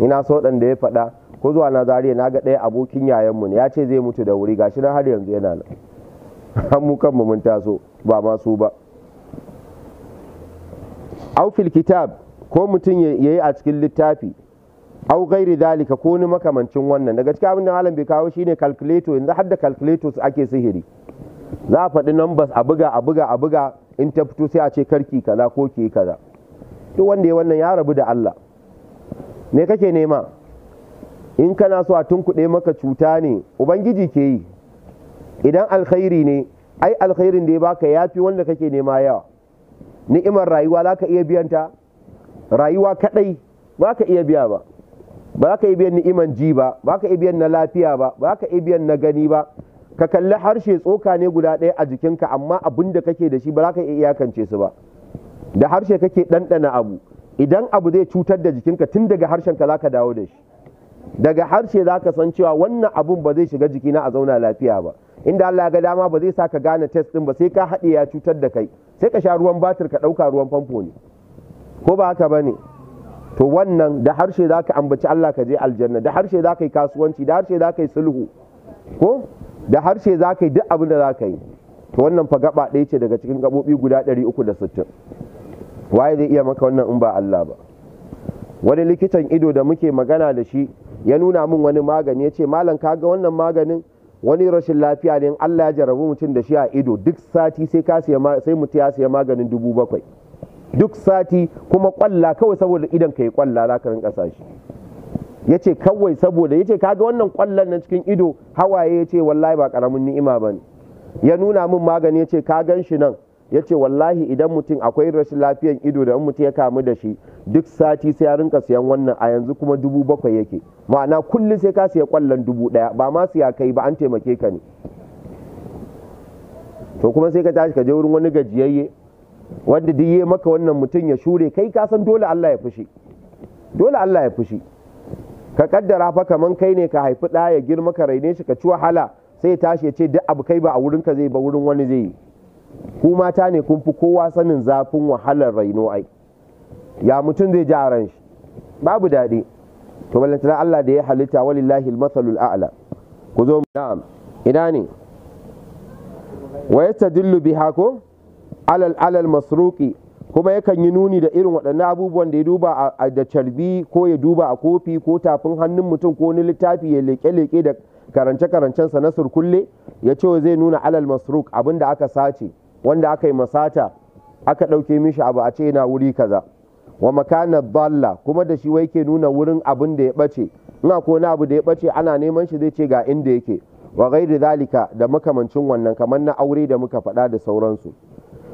ina so waɗanda ya faɗa ko zuwa na zariya na ga ɗaya abokin yayan mu ne ya ce zai mutu da wuri shi nan har yanzu yana nan an mu kanmu mun taso ba ma su ba aufil kitab ko mutum ya yi a cikin littafi au gairi dalika ko ni makamancin wannan daga cikin abin da malam bai kawo shine calculator yanzu har da calculators ake sihiri za a faɗi numbers a buga a buga a buga in ta fito sai a ce karki kaza ko ki kaza duk wanda ya wannan ya rabu da Allah me kake nema in kana so a tunkuɗe maka cuta ne ubangiji ke yi idan alkhairi ne ai alkhairin da ya baka yafi wanda kake nema yawa ni'imar rayuwa za ka iya biyanta rayuwa kadai ba ka iya biya ba ba ka iya ni ni'iman ji ba ba ka iya biyan na lafiya ba ba ka iya biyan na gani ba ka kalli harshe tsoka ne guda ɗaya a jikinka amma abin da kake da shi ba za ka iya iyakance su ba da harshe kake ɗanɗana abu idan abu zai cutar da jikinka tun daga harshenka za ka dawo da shi daga harshe za ka san cewa wannan abun ba zai shiga jikina a zauna lafiya ba inda Allah ya ga dama ba zai sa ka gane test ɗin ba sai ka haɗe ya cutar da kai sai ka sha ruwan batir ka ɗauka ruwan famfo ne ko ba haka ba ne to wannan da harshe za ka ambaci Allah ka je aljanna da harshe za ka yi kasuwanci da harshe za ka yi sulhu ko da harshe za ka yi duk abin da za ka yi to wannan fa gaba ɗaya ce daga cikin gaɓoɓi guda 360 waye zai iya maka wannan in ba Allah ba wani likitan ido da muke magana da shi ya nuna min wani magani ya ce malam kaga wannan maganin wani rashin lafiya ne in Allah ya jarabi mutum da shi a ido duk sati sai ka sai mutum ya siya maganin dubu bakwai duk sati kuma kwalla kawai saboda idan ka yi kwalla za ka rinka sashi ya ce kawai saboda ya ce kaga wannan kwallon na cikin ido hawaye ya ce wallahi ba karamin ni'ima ba ne ya nuna min magani ya ce ka gan shi nan ya ce wallahi idan mutum akwai rashin lafiyan ido da mutum ya kamu da shi duk sati sai ya rinka siyan wannan a yanzu kuma dubu bakwai yake ma'ana kullum sai ka siya kwallon dubu daya ba ma ya kai ba an taimake ka ne to kuma sai ka tashi ka je wurin wani gajiyayye wanda duk yi maka wannan mutum ya shure kai ka san dole Allah ya fushi dole Allah ya fushi ka kaddara fa kaman kai ne ka haifi ɗaya ya girma ka raine shi ka ci wahala sai ya tashi ya ce duk abu kai ba a wurinka zai ba wurin wani zai yi ku mata ne kun fi kowa sanin zafin wahalar raino ai ya mutum zai ji a ran shi babu daɗi to ballantana Allah da ya halitta walillahi masalul a'la ku zo mu na'am ina ne wa yastadillu biha ko alal alal masruki kuma yakan yi nuni da irin waɗannan abubuwan da ya duba a da carbi ko ya duba a kofi ko tafin hannun mutum ko wani littafi ya leƙe-leƙe da karance-karancensa na surkulle ya ce zai nuna alal masruk abin da aka sace wanda aka yi masata aka ɗauke mishi abu a ce yana wuri kaza wa makana balla kuma da shi wai ke nuna wurin abin da ya ɓace in akwai wani abu da ya ɓace ana neman shi zai ce ga inda yake wa gairi zalika da makamancin wannan kamar na aure da muka faɗa da sauransu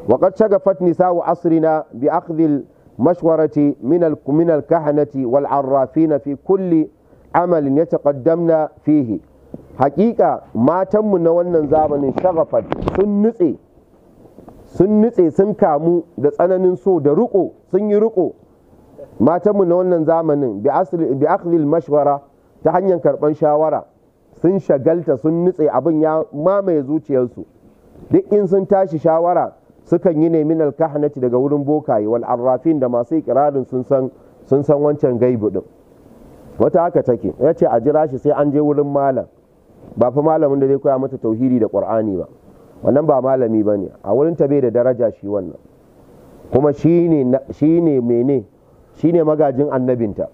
وقد شغفت نساء عصرنا بأخذ المشورة من من الكهنة والعرافين في كل عمل يتقدمنا فيه حقيقة ما تم نوانا زامن شغفت سنتي sun nutse sun kamu da tsananin so da riko sun yi riko matanmu na wannan zamanin bi akhlil mashwara ta hanyar karban shawara sun shagalta sun nutse abin ya mamaye zuciyarsu duk in sun tashi shawara sukan yi ne min alkahanati daga wurin bokaye wal arrafin da masu ikirarin sun san sun san wancan gaibu din wata haka take ya a jira shi sai an je wurin malam ba fa malamin da zai koya mata tauhidi da qur'ani ba wannan ba malami ba a wurin ta bai da daraja shi wannan kuma shi ne mene shine magajin annabinta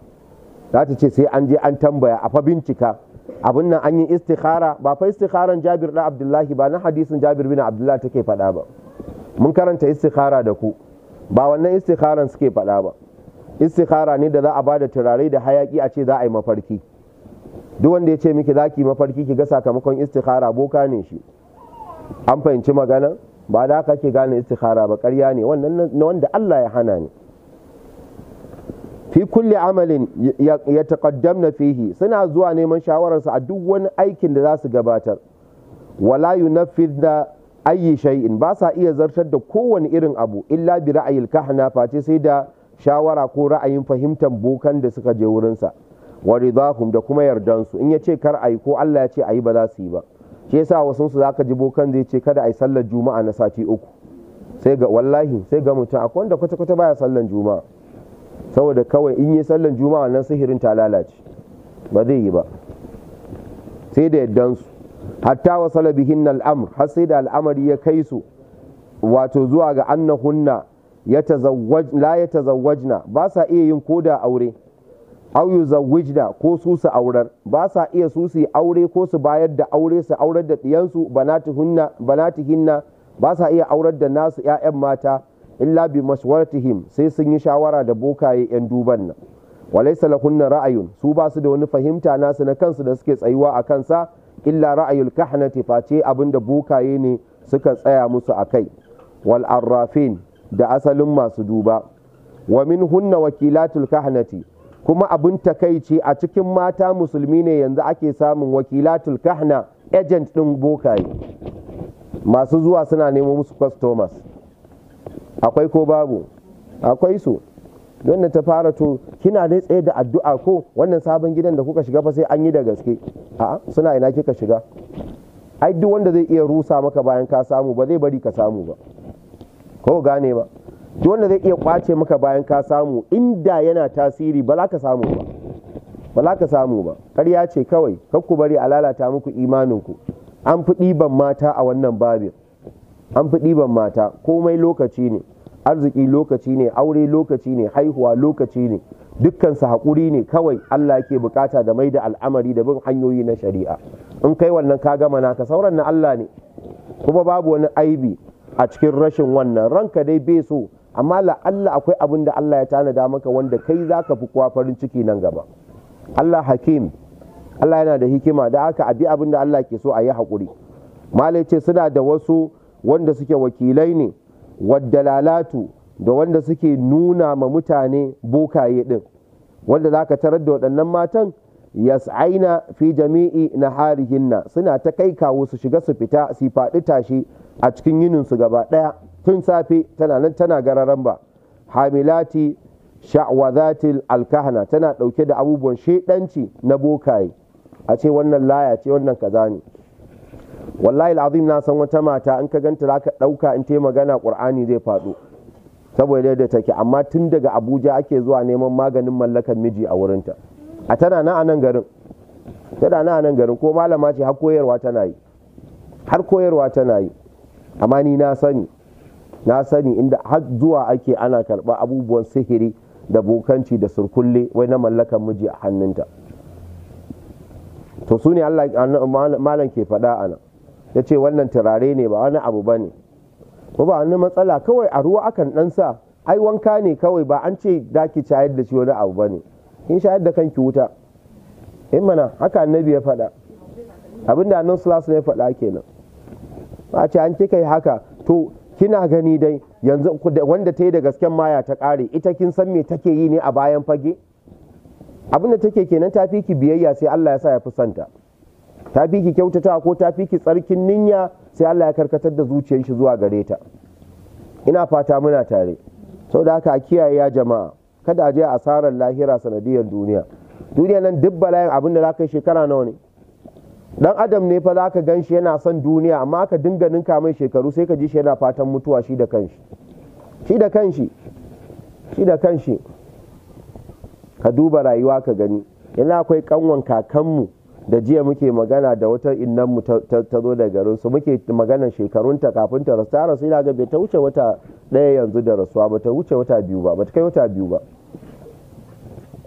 za ta ce sai an je an tambaya a fa bincika abin nan an yi istikhara ba fa istikharan jabir da abdullahi ba na hadisin jabir bin abdullahi take faɗa ba mun karanta istikhara da ku ba wannan istikharan suke faɗa ba istikhara ne da za a bada turare da hayaki a ce za a yi mafarki duk wanda ya ce miki za ki mafarki ki ga sakamakon istikhara boka ne shi an fahimci magana ba da haka ke gane istikhara ba ƙarya ne wannan wanda Allah ya hana ne fi kulli amalin ya taqaddamna fihi suna zuwa neman shawararsa a duk wani aikin da za su gabatar wala yunaffidna ayyi shay'in ba sa iya zartar da kowane irin abu illa bi ra'ayil kahna face sai da shawara ko ra'ayin fahimtar bokan da suka je wurinsa wa ridahum da kuma yardan su in ya ce kar ayi ko Allah ya ce ayi ba za su yi ba shi yasa wasu su zaka ji bokan zai ce kada ayi sallar juma'a na sati uku sai ga wallahi sai ga mutum akwai wanda kwata kwata baya sallar juma'a saboda kawai in yi sallar juma'a nan sihirin ta lalace ba zai yi ba sai da yardan su hatta wasala bihin al’amur har sai da al'amari ya kai su wato zuwa ga annahunna la ya tazawwajna ba sa iya yin ko da aure au zawajna ko su su aurar ba sa iya su su aure ko su bayar da aure su aurar da diyansu banatihinna banatihinna ba sa iya aurar da nasu ya'yan mata illa bi mashwaratihim sai sun yi shawara da bokaye yan duban nan walai lahunna ra'ayun su ba su da wani fahimta nasu na kansu da suke tsayuwa a kansa illa ra'ayul kahnati face abinda bukaye ne suka tsaya musu a kai wal arrafin da asalin masu duba wa min hunna wakilatul kahnati kuma abin takaici a cikin mata musulmi ne yanzu ake samun wakilatul kahna agent din bukaye. masu zuwa suna nemo musu customers akwai ko babu akwai su wanda ta fara to kina dai tsaye da addu'a ko wannan sabon gidan da kuka shiga fa sai an yi da gaske a'a suna ina kika shiga ai duk wanda zai iya rusa maka bayan ka samu ba zai bari ka samu ba ko gane ba duk wanda zai iya kwace maka bayan ka samu inda yana tasiri ba za ka samu ba ba za ka samu ba ƙarya ce kawai kar ku bari a lalata muku imaninku an fi ɗiban mata a wannan babin an fi ɗiban mata komai lokaci ne arziki lokaci ne aure lokaci ne haihuwa lokaci ne dukkan haƙuri ne kawai Allah yake bukata da mai da al'amari da bin hanyoyi na shari'a in kai wannan ka gama naka sauran na Allah ne kuma babu wani aibi a cikin rashin wannan ranka dai bai so amma la Allah akwai abin da Allah ya tanada maka wanda kai za ka fi kowa farin ciki nan gaba Allah hakim Allah yana da hikima da haka abi abin da Allah ke so a yi haƙuri malai suna da wasu wanda suke wakilai ne waddalalatu da wanda suke nuna ma mutane bokaye din wanda za ka tarar da waɗannan matan yas'aina fi jami'i na harihinna suna ta kai kawo su shiga su fita su faɗi tashi a cikin yinin su gaba ɗaya tun safe tana nan tana gararan ba hamilati sha'wazatil alkahana tana ɗauke da abubuwan shaidanci na bokaye a ce wannan laya ce wannan kaza ne wallahi al'azim na san wata mata in ka ganta zaka ɗauka in tayi magana qur'ani zai faɗo saboda yadda take amma tun daga abuja ake zuwa neman maganin mallakan miji a wurinta a tana na anan garin tana na anan garin ko malama ce har koyarwa tana yi amma ni na sani na sani inda har zuwa ake ana karba abubuwan sihiri da bokanci da surkulle wai na mallakan miji a hannunta to su ne Allah malam ke faɗa a nan ya ce wannan turare ne ba wani abu ba ne ba wani matsala kawai a ruwa akan ɗansa sa ai wanka ne kawai ba an ce daki shayar da shi wani abu ba ne in shayar da kanki wuta in eh mana haka annabi ya faɗa abinda annan sulasu ya faɗa kenan ba ce an kika yi haka to kina gani dai yanzu wanda ta yi da gasken maya ta ƙare ita kin san me take yi ne a bayan fage abinda take kenan ta fi ki biyayya sai Allah ya sa ya fi santa ta fi ki kyautata ko ta fi ki tsarkin niyya sai Allah ya karkatar da zuciyar shi zuwa gare ta ina fata muna tare sau haka a kiyaye ya jama'a kada a je asarar lahira sanadiyar duniya duniya nan duk balayin abin da ka yi shekara nawa ne dan adam ne fa zaka gan shi yana son duniya amma aka dinga ninka mai shekaru sai ka ji shi yana fatan mutuwa shi da kanshi shi da kanshi shi da kanshi ka duba rayuwa ka gani yana akwai kanwan kakanmu da jiya muke magana da wata innan mu ta zo da garin su muke magana shekarunta kafin ta rasu ta rasu ina ga bai ta wuce wata ɗaya yanzu da rasuwa ba ta wuce wata biyu ba ba ta kai wata biyu ba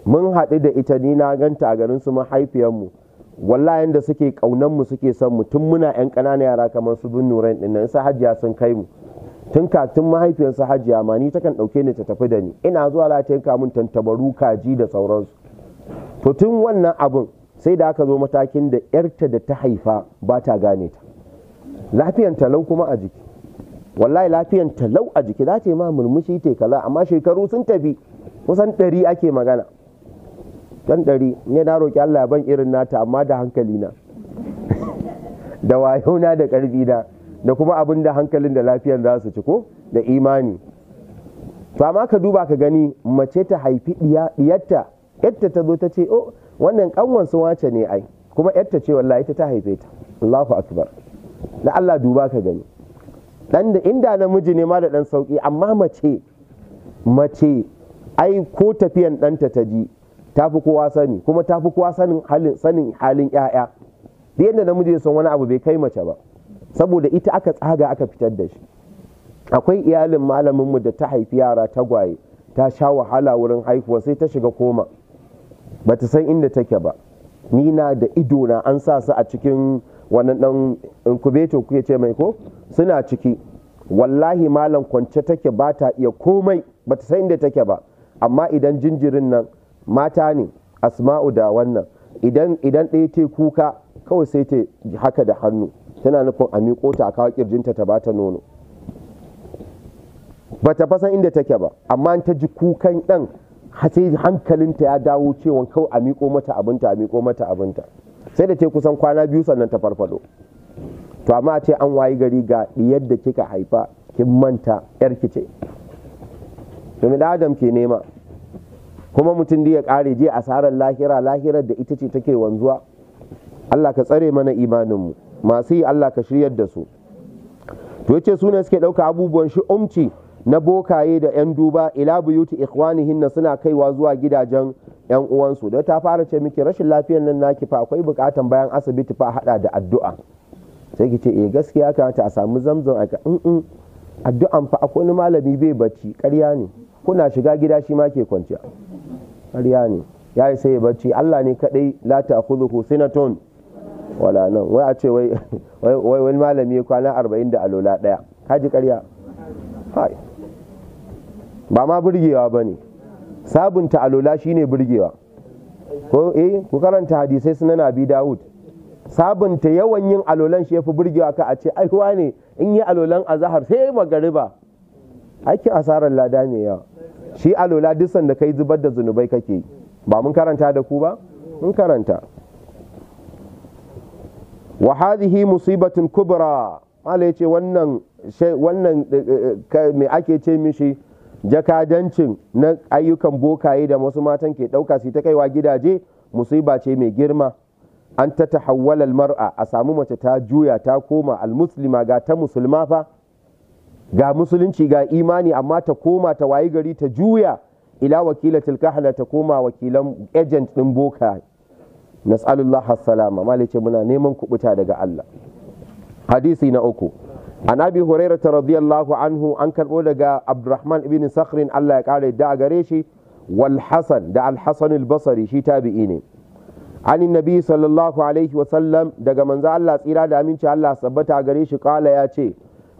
mun haɗu da ita ni na ganta a garin su mahaifiyarmu wallayen da suke ƙaunan mu suke son mu tun muna yan ƙananan yara kamar su bin nuran din nan hajiya sun kai mu tun katun mahaifiyarsa hajiya ma ni takan ɗauke ni ta tafi da ni ina zuwa la ta yanka tantabaru kaji da sauransu to tun wannan abun sai da aka zo matakin da yarta da ta haifa ba ta gane ta lafiyan talau kuma a jiki wallahi lafiyan talau a jiki za ta yi ma murmushi ta kaza amma shekaru sun tafi kusan ɗari ake magana ɗan ɗari ne na roƙi Allah ban irin nata amma da hankali na *laughs* da wayona da ƙarfi da. da kuma abin da hankalin da lafiyan za su ci ko da imani to amma ka duba ka gani mace ta haifi ɗiyarta yadda ta zo ta ce oh wannan kanwan sun wace ne ai kuma yarta ce wallahi ta ta haife ta Allahu akbar da Allah duba ka gani dan da inda namiji ne ma da dan sauki amma mace mace ai ko tafiyan ɗanta ta ji ta fi kowa sani kuma ta fi kowa sanin halin sanin halin yaya da yadda namiji ya san wani abu bai kai mace ba saboda ita aka tsaga aka fitar da shi akwai iyalin malaminmu da ta haifi yara tagwaye ta sha wahala wurin haihuwa sai ta shiga koma ba ta san inda take ba ni na da ido na an sa su a cikin wannan dan incubator kuke ce mai ko suna ciki wallahi malam kwance take ba ta iya komai ba ta san inda take ba amma idan jinjirin nan mata ne asma'u da wannan idan idan ɗaya ta kuka kawai sai ta haka da hannu tana nufin a miƙo ta a kawo kirjinta ta bata nono ba ta fasan inda take ba amma ta ji kukan ɗan sai hankalinta ya dawo cewa kawai a miko mata abinta a miko mata abinta sai da ce kusan kwana biyu sannan ta farfado to amma ce an wayi gari ga diyar da kika haifa kin manta yar ki ce domin da adam ke nema kuma mutum da ya kare je asarar lahira lahirar da ita ce take wanzuwa Allah ka tsare mana imaninmu masu yi Allah ka shiryar da su to yace sune suke ɗauka abubuwan shi umci na bokaye da 'yan duba ila buyuti ikhwanihinna suna kaiwa zuwa gidajen 'yan uwansu da ta fara ce miki rashin lafiyar nan naki fa akwai bukatan bayan asibiti fa hada da addu'a sai ki ce eh gaskiya kamata a samu zamzam a in addu'an fa akwai wani malami bai bacci ƙarya ne kuna shiga gida shi ma ke kwanciya ƙarya ne ya yi sai bacci Allah ne kadai la ta'khudhuhu sinatun wala nan wai a ce wai *laughs* wani malami kwana arba'in da alola ɗaya kaji ƙarya hai ba ma burgewa ba ne sabunta alola shine burgewa ko eh ku karanta hadisai sunan abi dawud sabunta yawan yin alolan shi ya fi burgewa ka a ce ai ne in yi alolan azahar sai magariba ake asarar lada mai yawa shi alola duk sanda kai zubar da zunubai kake ba mun karanta da ku ba mun karanta wa hadhihi musibatun kubra mala yace wannan wannan eh, eh, eh, me ake ce mishi jakadancin na ayyukan bokaye da wasu matan ke ɗauka su ta kaiwa gidaje musiba ce mai girma an ta tahawwala mar'a a samu mace ta juya ta koma almuslima ga ta musulma fa ga musulunci ga imani amma ta koma ta wayi gari ta juya ila Wakila kahla ta koma wakilan agent din boka nas'alullah salama malice muna neman kubuta daga Allah hadisi na uku an abi ta radiyallahu anhu an karɓo daga abdurrahman ibn sakhrin allah ya ƙara da a gare shi wal hasan da al hasan al basri shi tabi'i ne ani nabi sallallahu alaihi wa sallam daga manzo allah tsira da aminci allah sabbata gare shi kala ya ce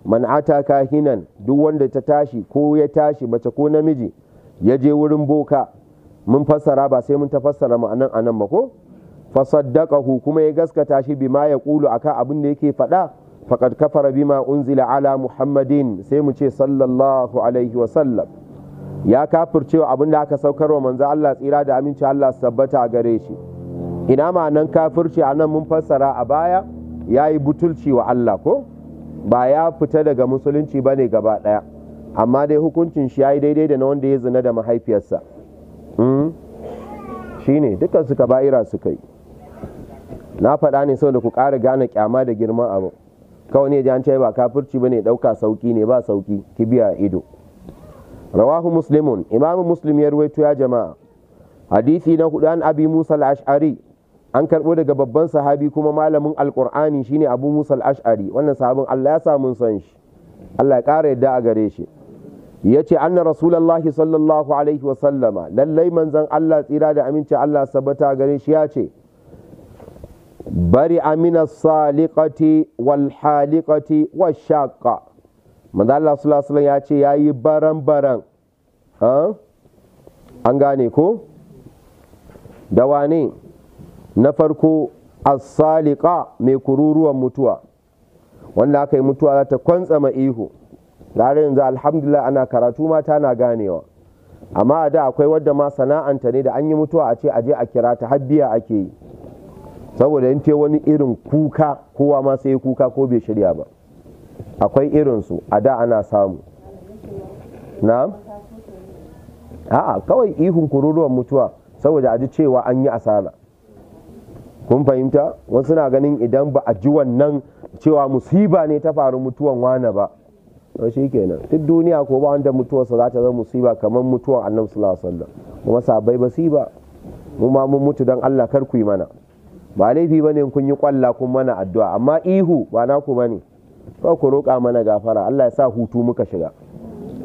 man ataka hinan? duk wanda ta tashi ko ya tashi mace ko namiji ya je wurin boka mun fassara ba sai mun ta fassara mu anan anan ba ko saddaqahu kuma ya gaskata shi bima ya kulu akan abin da yake faɗa faƙad kafara bima unzila ala muhammadin sai mu ce sallallahu alaihi wasallam ya cewa abin da aka saukar wa manzo Allah tsira da aminci Allah sabbata a gare shi ina nan kafirci a nan mun fassara a baya ya yi butulci wa Allah ko ba ya fita daga musulunci ba ne gaba ɗaya amma dai hukuncin shi ya yi daidai da na wanda ya zina da mahaifiyarsa shi ne dukkan suka ba'ira su yi na faɗa ne saboda ku ƙara gane kyama da girman abu kawai ne jan ce ba kafirci bane dauka sauki ne ba sauki biya ido rawahu muslimun imam muslim ya ruwaito ya jama'a hadisi na hudu an abi musa al-ash'ari an karbo daga babban sahabi kuma malamin alqur'ani shine abu musa al-ash'ari wannan sahabin Allah ya samu san shi Allah ya kara yadda a gare shi yace anna rasulullahi sallallahu alaihi wasallama lallai manzon Allah tsira da aminci Allah sabata gare shi ya ce Bari Amina as-saliqati wal haliqati wash maza manzo Allah sallallahu alaihi ya ce yayi baran baran an gane ko da wane na farko as-saliqa mai kururuwan mutuwa wanda aka yi mutuwa za ta kwantsama ihu gare yanzu alhamdulillah ana karatu mata na ganewa amma a da akwai wadda ma sana'anta ne da an yi mutuwa a ce aje a kira ta habbiya ake yi saboda yin te wani irin kuka kowa ma sai kuka ko bai shirya ba akwai irinsu a da ana samu na a'a kawai ihun kururuwan mutuwa saboda a ji cewa an yi asara kun fahimta wasu na ganin idan ba a ji wannan cewa musiba ne ta faru mutuwan wane ba to shi kenan duk duniya ko ba wanda mutuwarsa za ta zama musiba kamar mutuwan annabi sallallahu alaihi wasallam kuma sabai ba. mu ma mun mutu don Allah kar ku yi mana ba laifi ne kun yi kwalla kun mana addu'a amma ihu ba na ku ba ku roƙa mana gafara Allah ya sa hutu muka shiga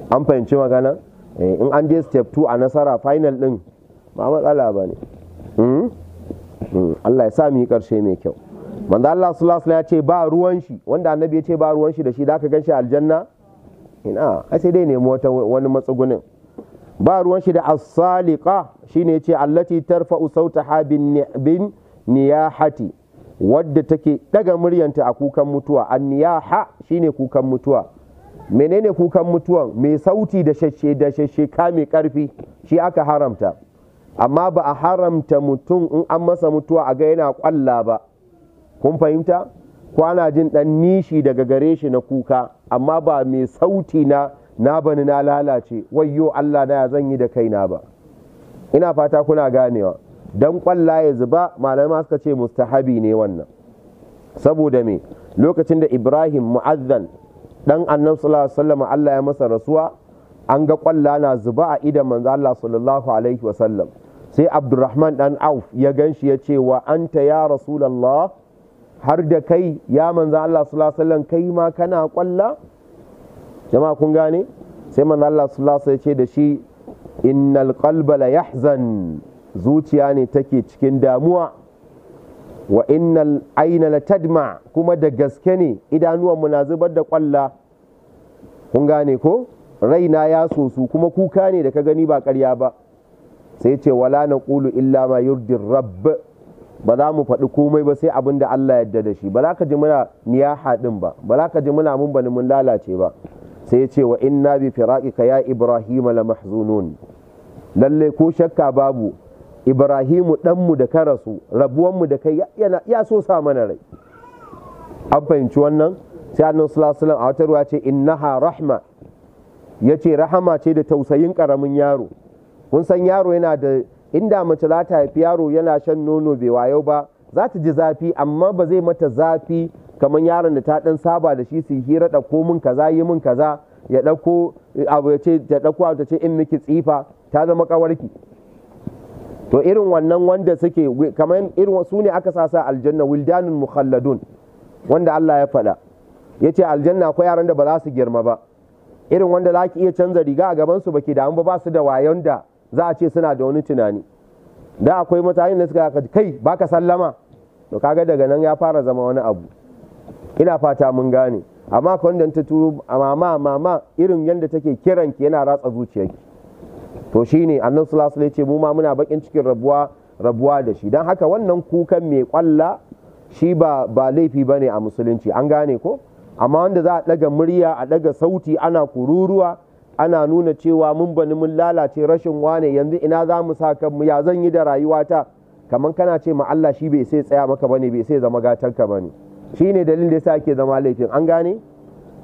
an fahimci magana eh, in an je step 2 a nasara final din ba matsala ba ne. Hmm? Hmm, Allah ya sa mu yi ƙarshe mai kyau manzo Allah sallallahu alaihi ya ce ba ruwan shi wanda annabi ya ce ba ruwan shi da shi da ka ganshi aljanna ina ai sai dai nemi wata wani matsugunin ba ruwan shi da as-saliqa shine ya ce allati tarfa'u sauta bin niyahati wadda take daga muryanta a kukan mutuwa an niyaha shine kukan mutuwa menene kukan mutuwan mai sauti da shashe da shashe ka karfi shi aka haramta amma ba a haramta mutum in an masa mutuwa a ga yana kwalla ba kun fahimta kwana jin dan nishi daga gare shi na kuka amma ba mai sauti na na bani na lalace wayyo Allah na zan yi da kaina ba ina fata kuna ganewa dan kwalla ya zuba malamai ma suka ce mustahabi ne wannan saboda me lokacin da ibrahim mu'azzan dan annan sallallahu alaihi wasallam Allah ya masa rasuwa an ga kwalla na zuba a idan manzo Allah sallallahu alaihi wasallam sai abdurrahman dan auf ya ganshi ya ce wa anta ya rasulullah har da kai ya manzo Allah sallallahu alaihi wasallam kai ma kana kwalla jama'a kun gane sai manzo Allah sallallahu alaihi wasallam ya ce da shi innal qalba la yahzan zuciya ne take cikin damuwa wa innal aina la tadma kuma da gaske ne Idanuwan mu na zubar da kwalla kun gane ko raina ya sosu kuma kuka ne da ka gani ba karya ba sai ce wala na ƙulu illa ma yurdi rabb ba za mu faɗi komai ba sai abin da Allah yadda da shi ba za ka ji muna niyaha din ba ba za ka ji muna mun bani mun lalace ba sai ce wa inna bi firaqika ya ibrahim la mahzunun lalle ko shakka babu ibrahimu ɗanmu da ka rasu rabuwanmu da kai ya so sa mana rai an fahimci wannan sai annan sulasulan a wata ruwa ce innaha rahma ya ce rahama ce da tausayin ƙaramin yaro kun san yaro yana da inda mace za ta haifi yaro yana shan nono bai wayo ba za ta ji zafi amma ba zai mata zafi kamar yaron da ta ɗan saba da shi su hira ɗauko min kaza yi min kaza ya ɗauko eh, abu ya ta ɗauko ta ce in miki tsifa ta zama ƙawarki to irin wannan wanda suke kamar irin su ne aka sasa aljanna wildanun mukhalladun wanda Allah ya faɗa ya ce aljanna akwai yaran da ba za su girma ba irin wanda za ki iya canza riga a gaban su baki damu ba ba su da wayon da za a ce suna da wani tunani da akwai mutane da suka kai baka sallama to kaga daga nan ya fara zama wani abu ina fata mun gane amma kwandon ta turo mama mama irin yadda take kiranki yana ratsa zuciyarki to shine annan sulasu ne ce mu ma muna bakin cikin rabuwa da shi dan haka wannan kukan mai kwalla shi ba laifi ba ne a musulunci an gane ko amma wanda za a daga murya a daga sauti ana kururuwa ana nuna cewa mun bani mun lalace rashin wane yanzu ina za mu sa kanmu ya zan yi da rayuwata kamar kana ce ma Allah shi bai sai tsaya maka bane bai sai zama gatanka bane ne dalilin da yasa ake zama laifin an gane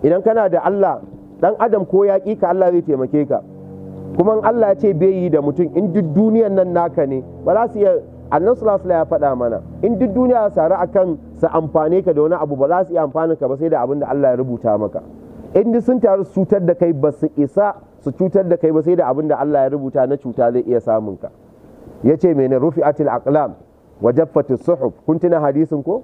idan kana da Allah dan adam ko ya ka Allah zai taimake ka kuma Allah ya ce bai yi da mutum in duk duniyan nan naka ne ba za su iya annan sulasula ya faɗa mana in duk duniya sare a kan su amfane ka da wani abu ba za su iya amfanin ka ba sai da abin da Allah ya rubuta maka in duk sun taru su cutar da kai ba su isa su cutar da kai ba sai da abin da Allah ya rubuta na cuta zai iya samun ka ya ce mene rufi'atil aqlam wa jaffatis suhuf kun tuna hadisin ko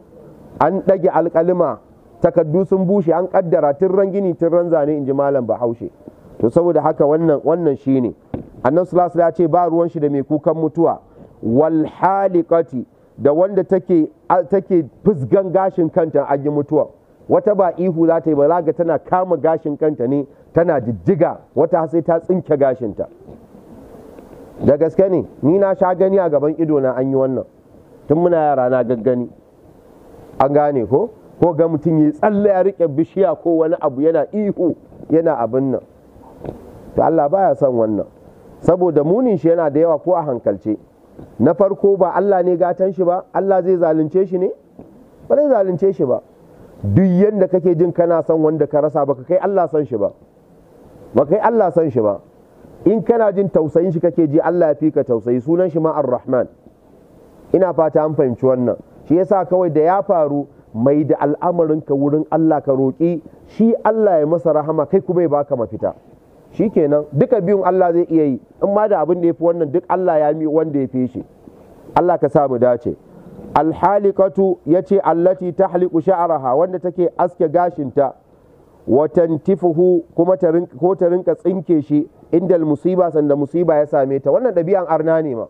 an ɗage alƙalima takardu sun bushe an ƙaddara kaddara rangini gini ran zane in ji malam bahaushe to saboda haka wannan wannan shine annan sallallahu ya ce ba ruwan shi da mai kukan mutuwa wal haliqati da wanda take take fusgan gashin kanta an yi mutuwa wata ba ihu za ta yi ba zaga tana kama gashin kanta ne tana jijjiga wata sai ta tsinke gashinta da gaske ne ni na sha gani a gaban ido na an yi wannan tun muna yara na gaggani an gane ko ko ga mutum ya tsalle ya rike bishiya ko wani abu yana ihu yana abin nan to Allah baya son wannan saboda munin shi yana da yawa ko a hankalce na farko ba Allah ne gatan shi ba Allah zai zalunce shi ne ba zai zalunce shi ba duk yanda kake jin kana son wanda ka rasa baka kai Allah son shi ba ba kai Allah son shi ba in kana jin tausayin shi kake ji Allah ya fi ka tausayi sunan shi ma ar-rahman ina fata an fahimci wannan shi yasa kawai da ya faru mai da al'amarin ka wurin Allah ka roki shi Allah ya masa rahama kai kuma bai baka mafita shikenan duka biyun Allah zai iya yi in ma da abin da ya fi wannan duk Allah ya mi wanda ya fi shi Allah ka samu mu dace alhalikatu yace allati tahliqu sha'raha wanda take aske gashinta wa tantifuhu kuma ko ta rinka tsinke shi inda musiba sanda musiba ya same ta wannan ɗabi'an arna ne ma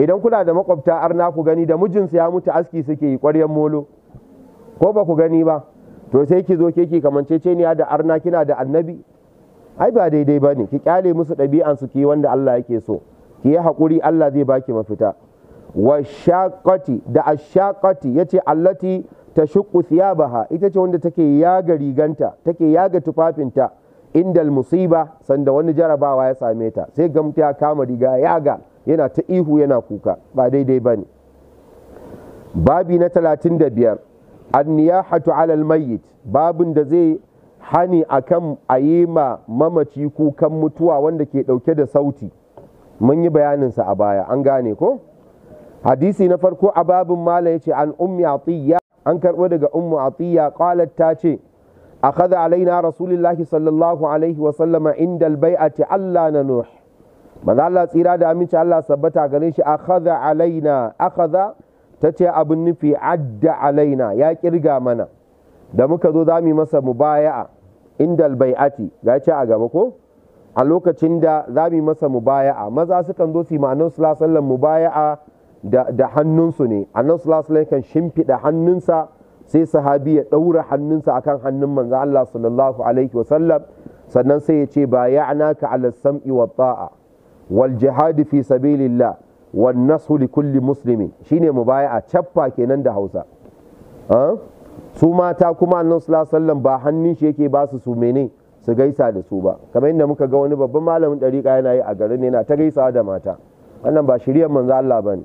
idan kuna da makwabta arna ku gani da mijinsu ya mutu aski suke yi ƙwaryen molo ko ba ku gani ba to sai ki zo ke ki ni da arna kina da annabi ai ba daidai ba ne ki kyale musu ɗabi'ansu ki wanda Allah yake so ki yi haƙuri Allah zai baki mafita wa shaqati da ashaqati yace allati ta thiyabaha ita ce wanda take yaga riganta take yaga tufafinta indal musiba sanda wani jarabawa ya same ta sai gamta ya kama riga yaga yana ta ihu yana kuka ba daidai ba ne babi na talatin da biyar anniyahatu alal mayyit babin da zai hani akan a yi ma mamaci kukan mutuwa wanda ke ɗauke da sauti mun yi bayaninsa a baya an gane ko hadisi na farko a babin mala ya ce an ummi atiyya an karɓo daga ummu atiyya qalat ta ce akhadha alaina rasulullahi sallallahu alaihi wa albai inda albai'ati allah na nuh manzo Allah tsira da aminci Allah sabbata gare shi akhadha alaina ta ce abin nufi adda alaina ya kirga mana da muka zo za mu yi masa mubaya'a indal bai'ati ga ce a gaba ko a lokacin da za mu yi masa mubaya'a maza sukan zo su yi ma'anar sulasallan mubaya'a da hannunsu ne annan sulasallan kan shimfiɗa hannunsa sai sahabi ya ɗaura hannunsa akan hannun manzo Allah sallallahu alaihi wasallam sannan sai ya ce ka ala sam'i wa ta'a wal jihadi fi sabilillah wan nasu li kulli muslimin shine mubaya'a caffa kenan da Hausa ah? su mata kuma annan sallallahu ba hannun shi yake ba su su mene su gaisa da su ba kamar yadda muka ga wani babban malamin dariƙa yana yi a garin ne na ta gaisawa da mata wannan ba shiriyar manzo Allah bane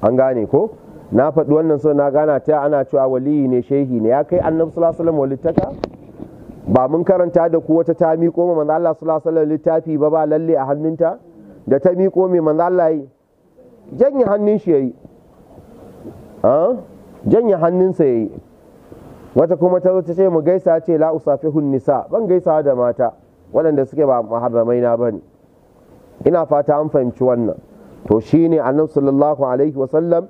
an gane ko na faɗi wannan sau na gana ta ana cewa waliyi ne shehi ne ya kai annabi sallallahu alaihi walittaka ba mun karanta da ku wata ta miƙo ma manzo Allah sallallahu alaihi littafi ba ba lalle a hannunta da ta miƙo mai manzo Allah yi janye hannun shi yayi a ah? janye hannunsa yayi wata kuma ta zo ta ce mu gaisa ce la usafihun nisa ban gaisawa da mata waɗanda suke ba maharramai na bane ina fata an fahimci wannan to shine annabi sallallahu alaihi wasallam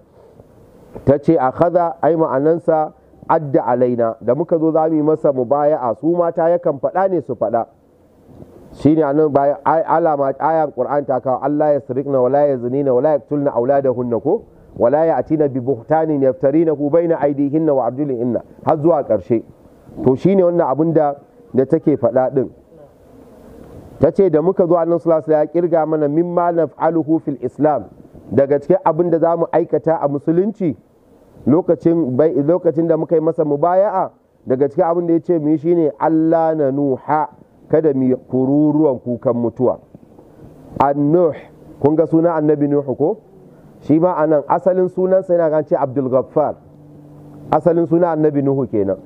ta ce a kaza ai ma'anansa adda alaina da muka zo za mu yi masa mubaya'a su mata yakan faɗa ne su faɗa shine annabi bayan alama ayar qur'an ta kawo Allah ya sirikna wala ya zinina wala yaktulna auladahunna ko wala ya'tina bi buhtanin yaftarinahu baina aydihinna wa arjulihinna har zuwa karshe to shine wannan abun da da take faɗa ɗin ta ce da muka zo nan sallallahu alaihi ya kirga mana mimma naf'aluhu fil islam daga cikin abin da mu aikata a musulunci lokacin da muka yi masa mu a daga cikin abin da ya ce mu yi shine Allah na nuha kada mu kururuwan kukan mutuwa annuh kun ga suna annabi nuhu ko shi ma anan asalin sunansa yana gan ce abdul ghaffar asalin suna annabi nuhu kenan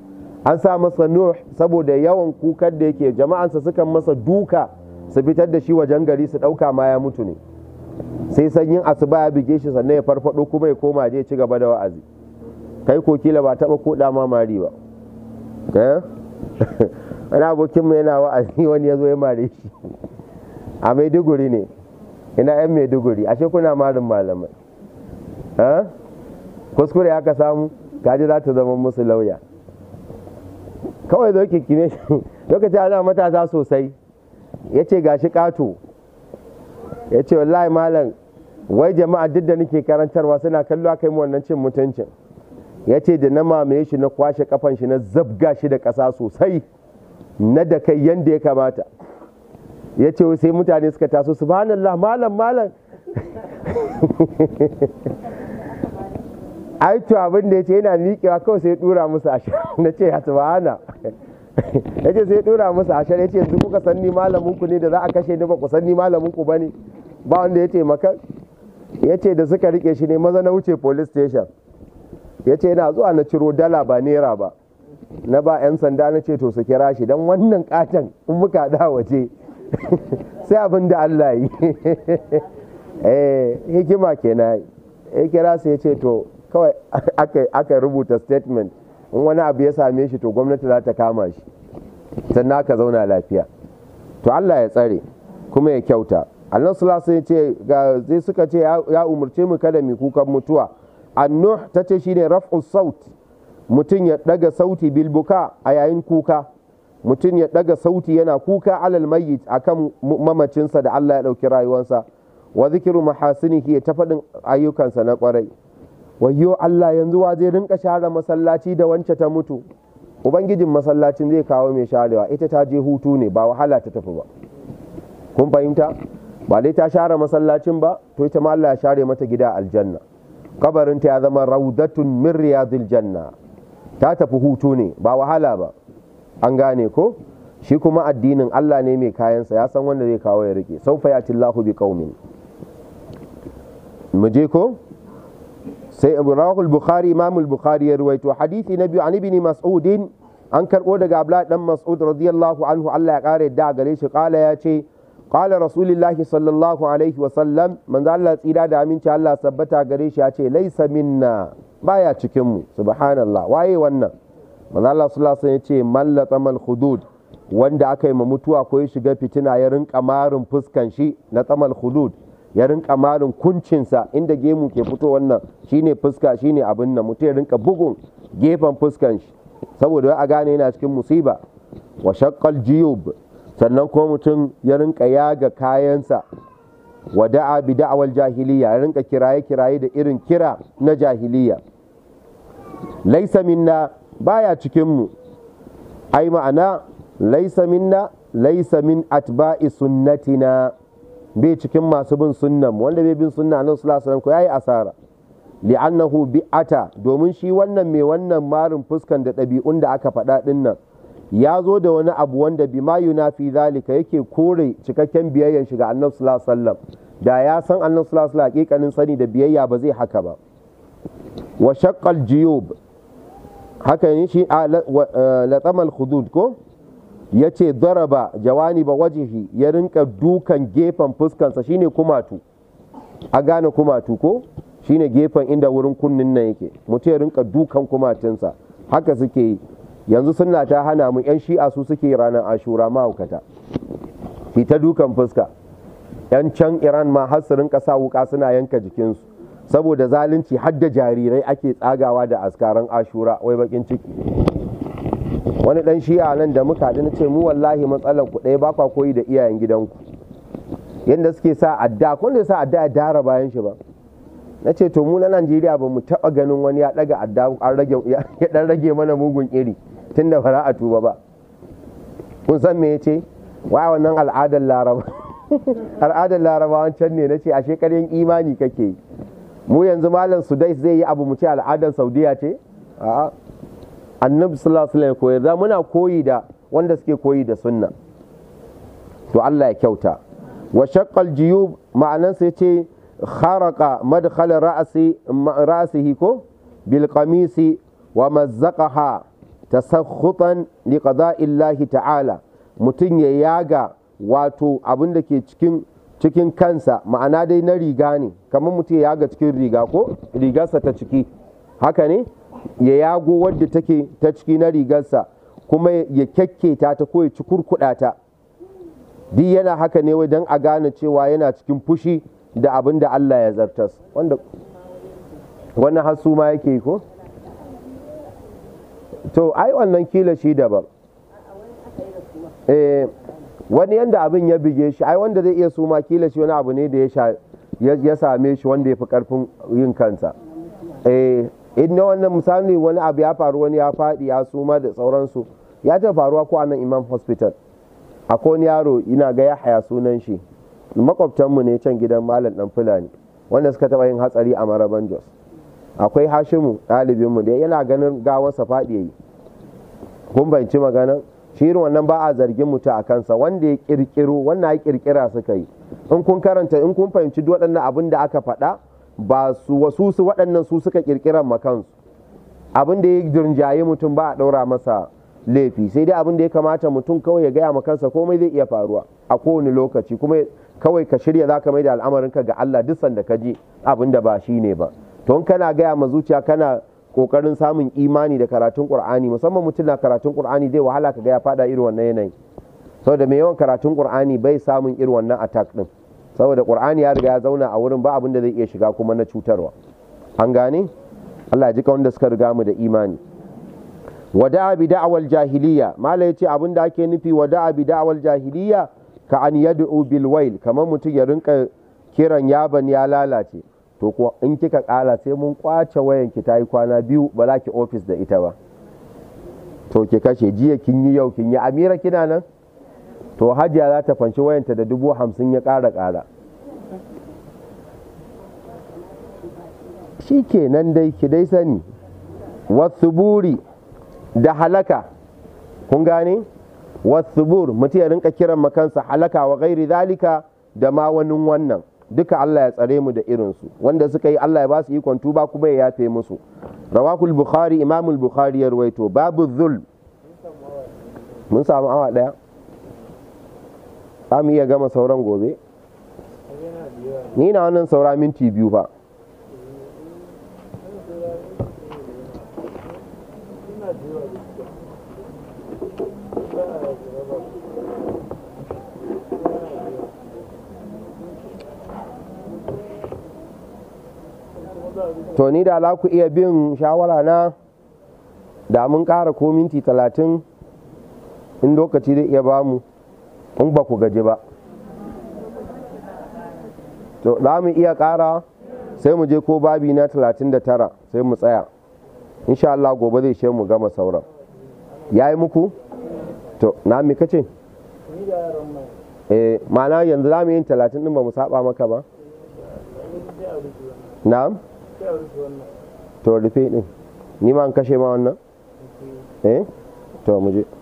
an sa masa nuh saboda yawan kukan da yake jama'ansa suka masa duka su fitar da shi wajen gari su ɗauka ma ya mutu ne sai sanyin asuba ya bige shi sannan ya farfado kuma ya koma je ci gaba da wa'azi kai ko kila ba taba koda ma mari ba eh? *laughs* wani abokin mai yana wa'azi wani ya zo ya mare shi a maiduguri ne ina yan maiduguri ashe kuna marin malamai kuskure aka samu kaji za ta zama musu lauya kawai zo kikime shi *laughs* lokaci ana matasa sosai ya ce gashi ƙato ya ce wallahi malam wai jama'a duk da nake karantarwa suna kallo aka yi wannan cin mutuncin ya ce da na mamaye shi na kwashe kafan shi na zabga shi da ƙasa sosai na da kai yadda ya kamata ya ce sai mutane suka taso subhanallah malam malam *laughs* ai to abin da ce yana miƙewa kawai sai dura musu ashar *laughs* ana *laughs* ya ce yace sai dura musu ashar yace yanzu kuka san ni malamin ku ne da za a kashe ni ba ku san ni malamin ku bane ba wanda makar ya yace da suka rike shi ne maza na wuce police station yace yana zuwa na ciro dala ba naira ba na ba 'yan sanda na ce to su kira shi don wannan katon in muka da waje *laughs* sai abin da Allah yi eh hikima kenan ya kira su ya ce to kawai *laughs* aka rubuta statement in wani abu ya same shi to gwamnati za ta kama shi sannan aka zauna lafiya to Allah ya tsare kuma ya kyauta annan sulasa ya ce zai suka ce ya umarce mu kada mu kukan mutuwa annuh ta ce shine raf'u saut mutum ya daga sauti bilbuka a yayin kuka mutum ya daga sauti yana kuka alal mayyit akan mamacinsa da Allah ya dauki rayuwarsa wa zikiru mahasinihi ta faɗin ayyukansa na kwarai wayyo Allah yanzu wa zai rinka share masallaci da wance ta mutu ubangijin masallacin zai kawo mai sharewa ita ta je hutu ne ba wahala ta tafi ba kun fahimta ba dai ta share masallacin ba to ita ma Allah ya share mata gida aljanna kabarin ta ya zama raudatun min riyadil janna ta tafi hutu ne ba wahala ba an gane ko shi kuma addinin Allah ne mai kayansa ya san wanda zai kawo ya rike saufa ya tillahu bi qaumin mu je ko sai rawahul bukhari imamul bukhari ya ruwaito hadithi na biyu an ibn mas'udin an karɓo daga abla dan mas'ud radiyallahu anhu Allah ya kare da gare shi kala ya ce kala rasulullahi sallallahu alaihi wasallam manzo Allah tsira da aminci Allah sabbata gare shi ya ce laisa minna baya cikin mu subhanallah waye wannan manzo Allah sallallahu alaihi ya ce mallata mal hudud wanda aka yi ma mutuwa ko ya shiga fitina ya rinka marin fuskan shi na tsamal hudud ya rinka malin kuncinsa inda gemu ke fito wannan shine fuska shine abin nan mutu ya rinka bugun gefen fuskan shi saboda a gane yana cikin musiba wa shakkal jiyub sannan kuma mutum ya rinka yaga kayansa wa da'a bi da'awal jahiliya ya rinka kiraye kiraye da irin kira na jahiliya laisa minna baya cikin mu ai ma'ana laisa minna laisa min atba'i sunnatina bai cikin masu bin sunnan wanda bai bin sunna nan sallallahu alaihi wasallam yayi asara li'annahu bi'ata domin shi wannan mai wannan marin fuskan da ɗabi'un da aka faɗa ɗin nan ya zo da wani abu wanda bima yunafi zalika yake kore cikakken biyayyan shiga annabi sallallahu alaihi da ya san annabi sallallahu alaihi hakikanin sani da biyayya ba zai haka ba wa shaqqal jiyub haka ne shi eh, latsamal khudud ko ya ce daraba jawani ba wajihi ya rinka dukan gefen fuskansa shine kumatu a gane kumatu ko shine gefen inda wurin kunnin nan yake mutum ya rinka dukan kumatinsa haka suke yi yanzu suna ta hana mu yan shi'a su suke ranar ashura mahaukata ki ta dukan fuska yan can iran ma har su rinka sa wuka suna yanka jikinsu saboda zalunci har da jarirai ake tsagawa da askaran ashura wai bakin ciki wani dan shi'a nan da muka haɗu na ce mu wallahi matsalar ku ɗaya ba kwa koyi da iyayen gidanku yadda suke sa adda kun da sa adda ya dara bayan shi ba na ce to mu na najeriya ba mu taɓa ganin wani ya ɗaga adda an rage ya ɗan rage mana mugun iri tun da fara a tuba ba kun san me ya ce wa wannan al'adar laraba *laughs* al'adar laraba can ne na ce ashe karyan imani kake yi mu yanzu malam sudais zai yi abu mu ce al'adar saudiya ce a'a annabi sallallahu alaihi wasallam koyar za muna koyi da wanda suke koyi da sunna to Allah ya kyauta wa shaqqal jiyub ma'anan sai ce kharaqa madkhal ra'si ra'sihi ko bil qamisi wa mazzaqaha tasakhutan li qada'illahi ta'ala mutun ya yaga wato abin da ke cikin cikin kansa ma'ana dai na riga ne kamar mutum ya yaga cikin riga ko rigarsa ta ciki haka ne ya yago wadda take ta ciki na rigarsa kuma ya kyakketa ta ko ya ci kurkuɗa ta duk yana haka ne don a gane cewa yana cikin fushi da abin da Allah ya zartas wanda wannan hasu ma yake ko to ai wannan kila shi daban eh wani yanda abin ya bige shi ai wanda zai iya suma kila shi wani abu ne da ya same shi wanda ya fi karfin yin kansa eh in na wannan misali wani abu ya faru wani ya faɗi ya suma da sauransu ya ta faruwa ko anan imam hospital akwai wani yaro ina ga ya haya sunan shi makwabtanmu ne can gidan malam dan fulani wanda suka taɓa yin hatsari a maraban jos akwai hashimu ɗalibinmu da yana ganin gawarsa faɗi yi kun magana shi irin wannan ba a zargin mutu a kansa wanda ya ƙirƙiro wannan ya kirkira suka yi in kun karanta in kun fahimci duk waɗannan abin da aka faɗa ba su wasu su waɗannan su suka ƙirƙiran makansu abin da ya jirjaye mutum ba a ɗaura masa laifi sai dai abin da ya kamata mutum kawai ya gaya ma kansa komai zai iya faruwa a kowane lokaci kuma kawai ka shirya za ka mai da al'amarinka ga Allah duk sanda ka ji abin da ba shi ne ba to in kana gaya ma zuciya kana kokarin samun imani da karatun qur'ani musamman mutum na karatun qur'ani zai wahala ka gaya fada irin wannan yanayi saboda mai yawan karatun qur'ani bai samun irin wannan attack din saboda qur'ani ya riga ya zauna a wurin ba abin da zai iya shiga kuma na cutarwa an gane Allah ya wanda suka riga mu da imani wada'a bi da'awal jahiliya mala yace abin da ake nufi wada'a bi da'awal jahiliya ka an yad'u bil wail kamar mutum ya rinka kiran yaban ya lalace to ko in kika kala sai mun kwace wayan ki tayi kwana biyu ba za ki ofis da ita ba to ki kashe jiya kin yi yau kin yi amira kina nan to hajiya za ta fanshi wayanta da dubu hamsin ya kara kara. shi ke nan dai ki dai sani wasu buri da halaka kun gane wasu bur mutum ya rinka kiran makansa halaka wa gairi zalika da ma wani wannan duka Allah ya tsare mu da irinsu wanda suka yi Allah ya ba su ikon tuba kuma ya yafe musu rawakul bukhari imamul bukhari ya ruwaito babu zul mun samu awa daya za mu iya gama sauran gobe ni na wannan saura minti biyu ba to ni da za ku iya bin shawara na da mun ƙara ko minti talatin in lokaci da iya bamu in ba ku gaji ba to za mu iya ƙara sai mu je ko babi na 39 sai mu tsaya insha Allah gobe zai she mu gama sauran ya yi muku to na mi kace eh mana yanzu za mu yi 30 din ba mu saba maka ba na'am to rufe din ni ma an kashe ma wannan eh to mu je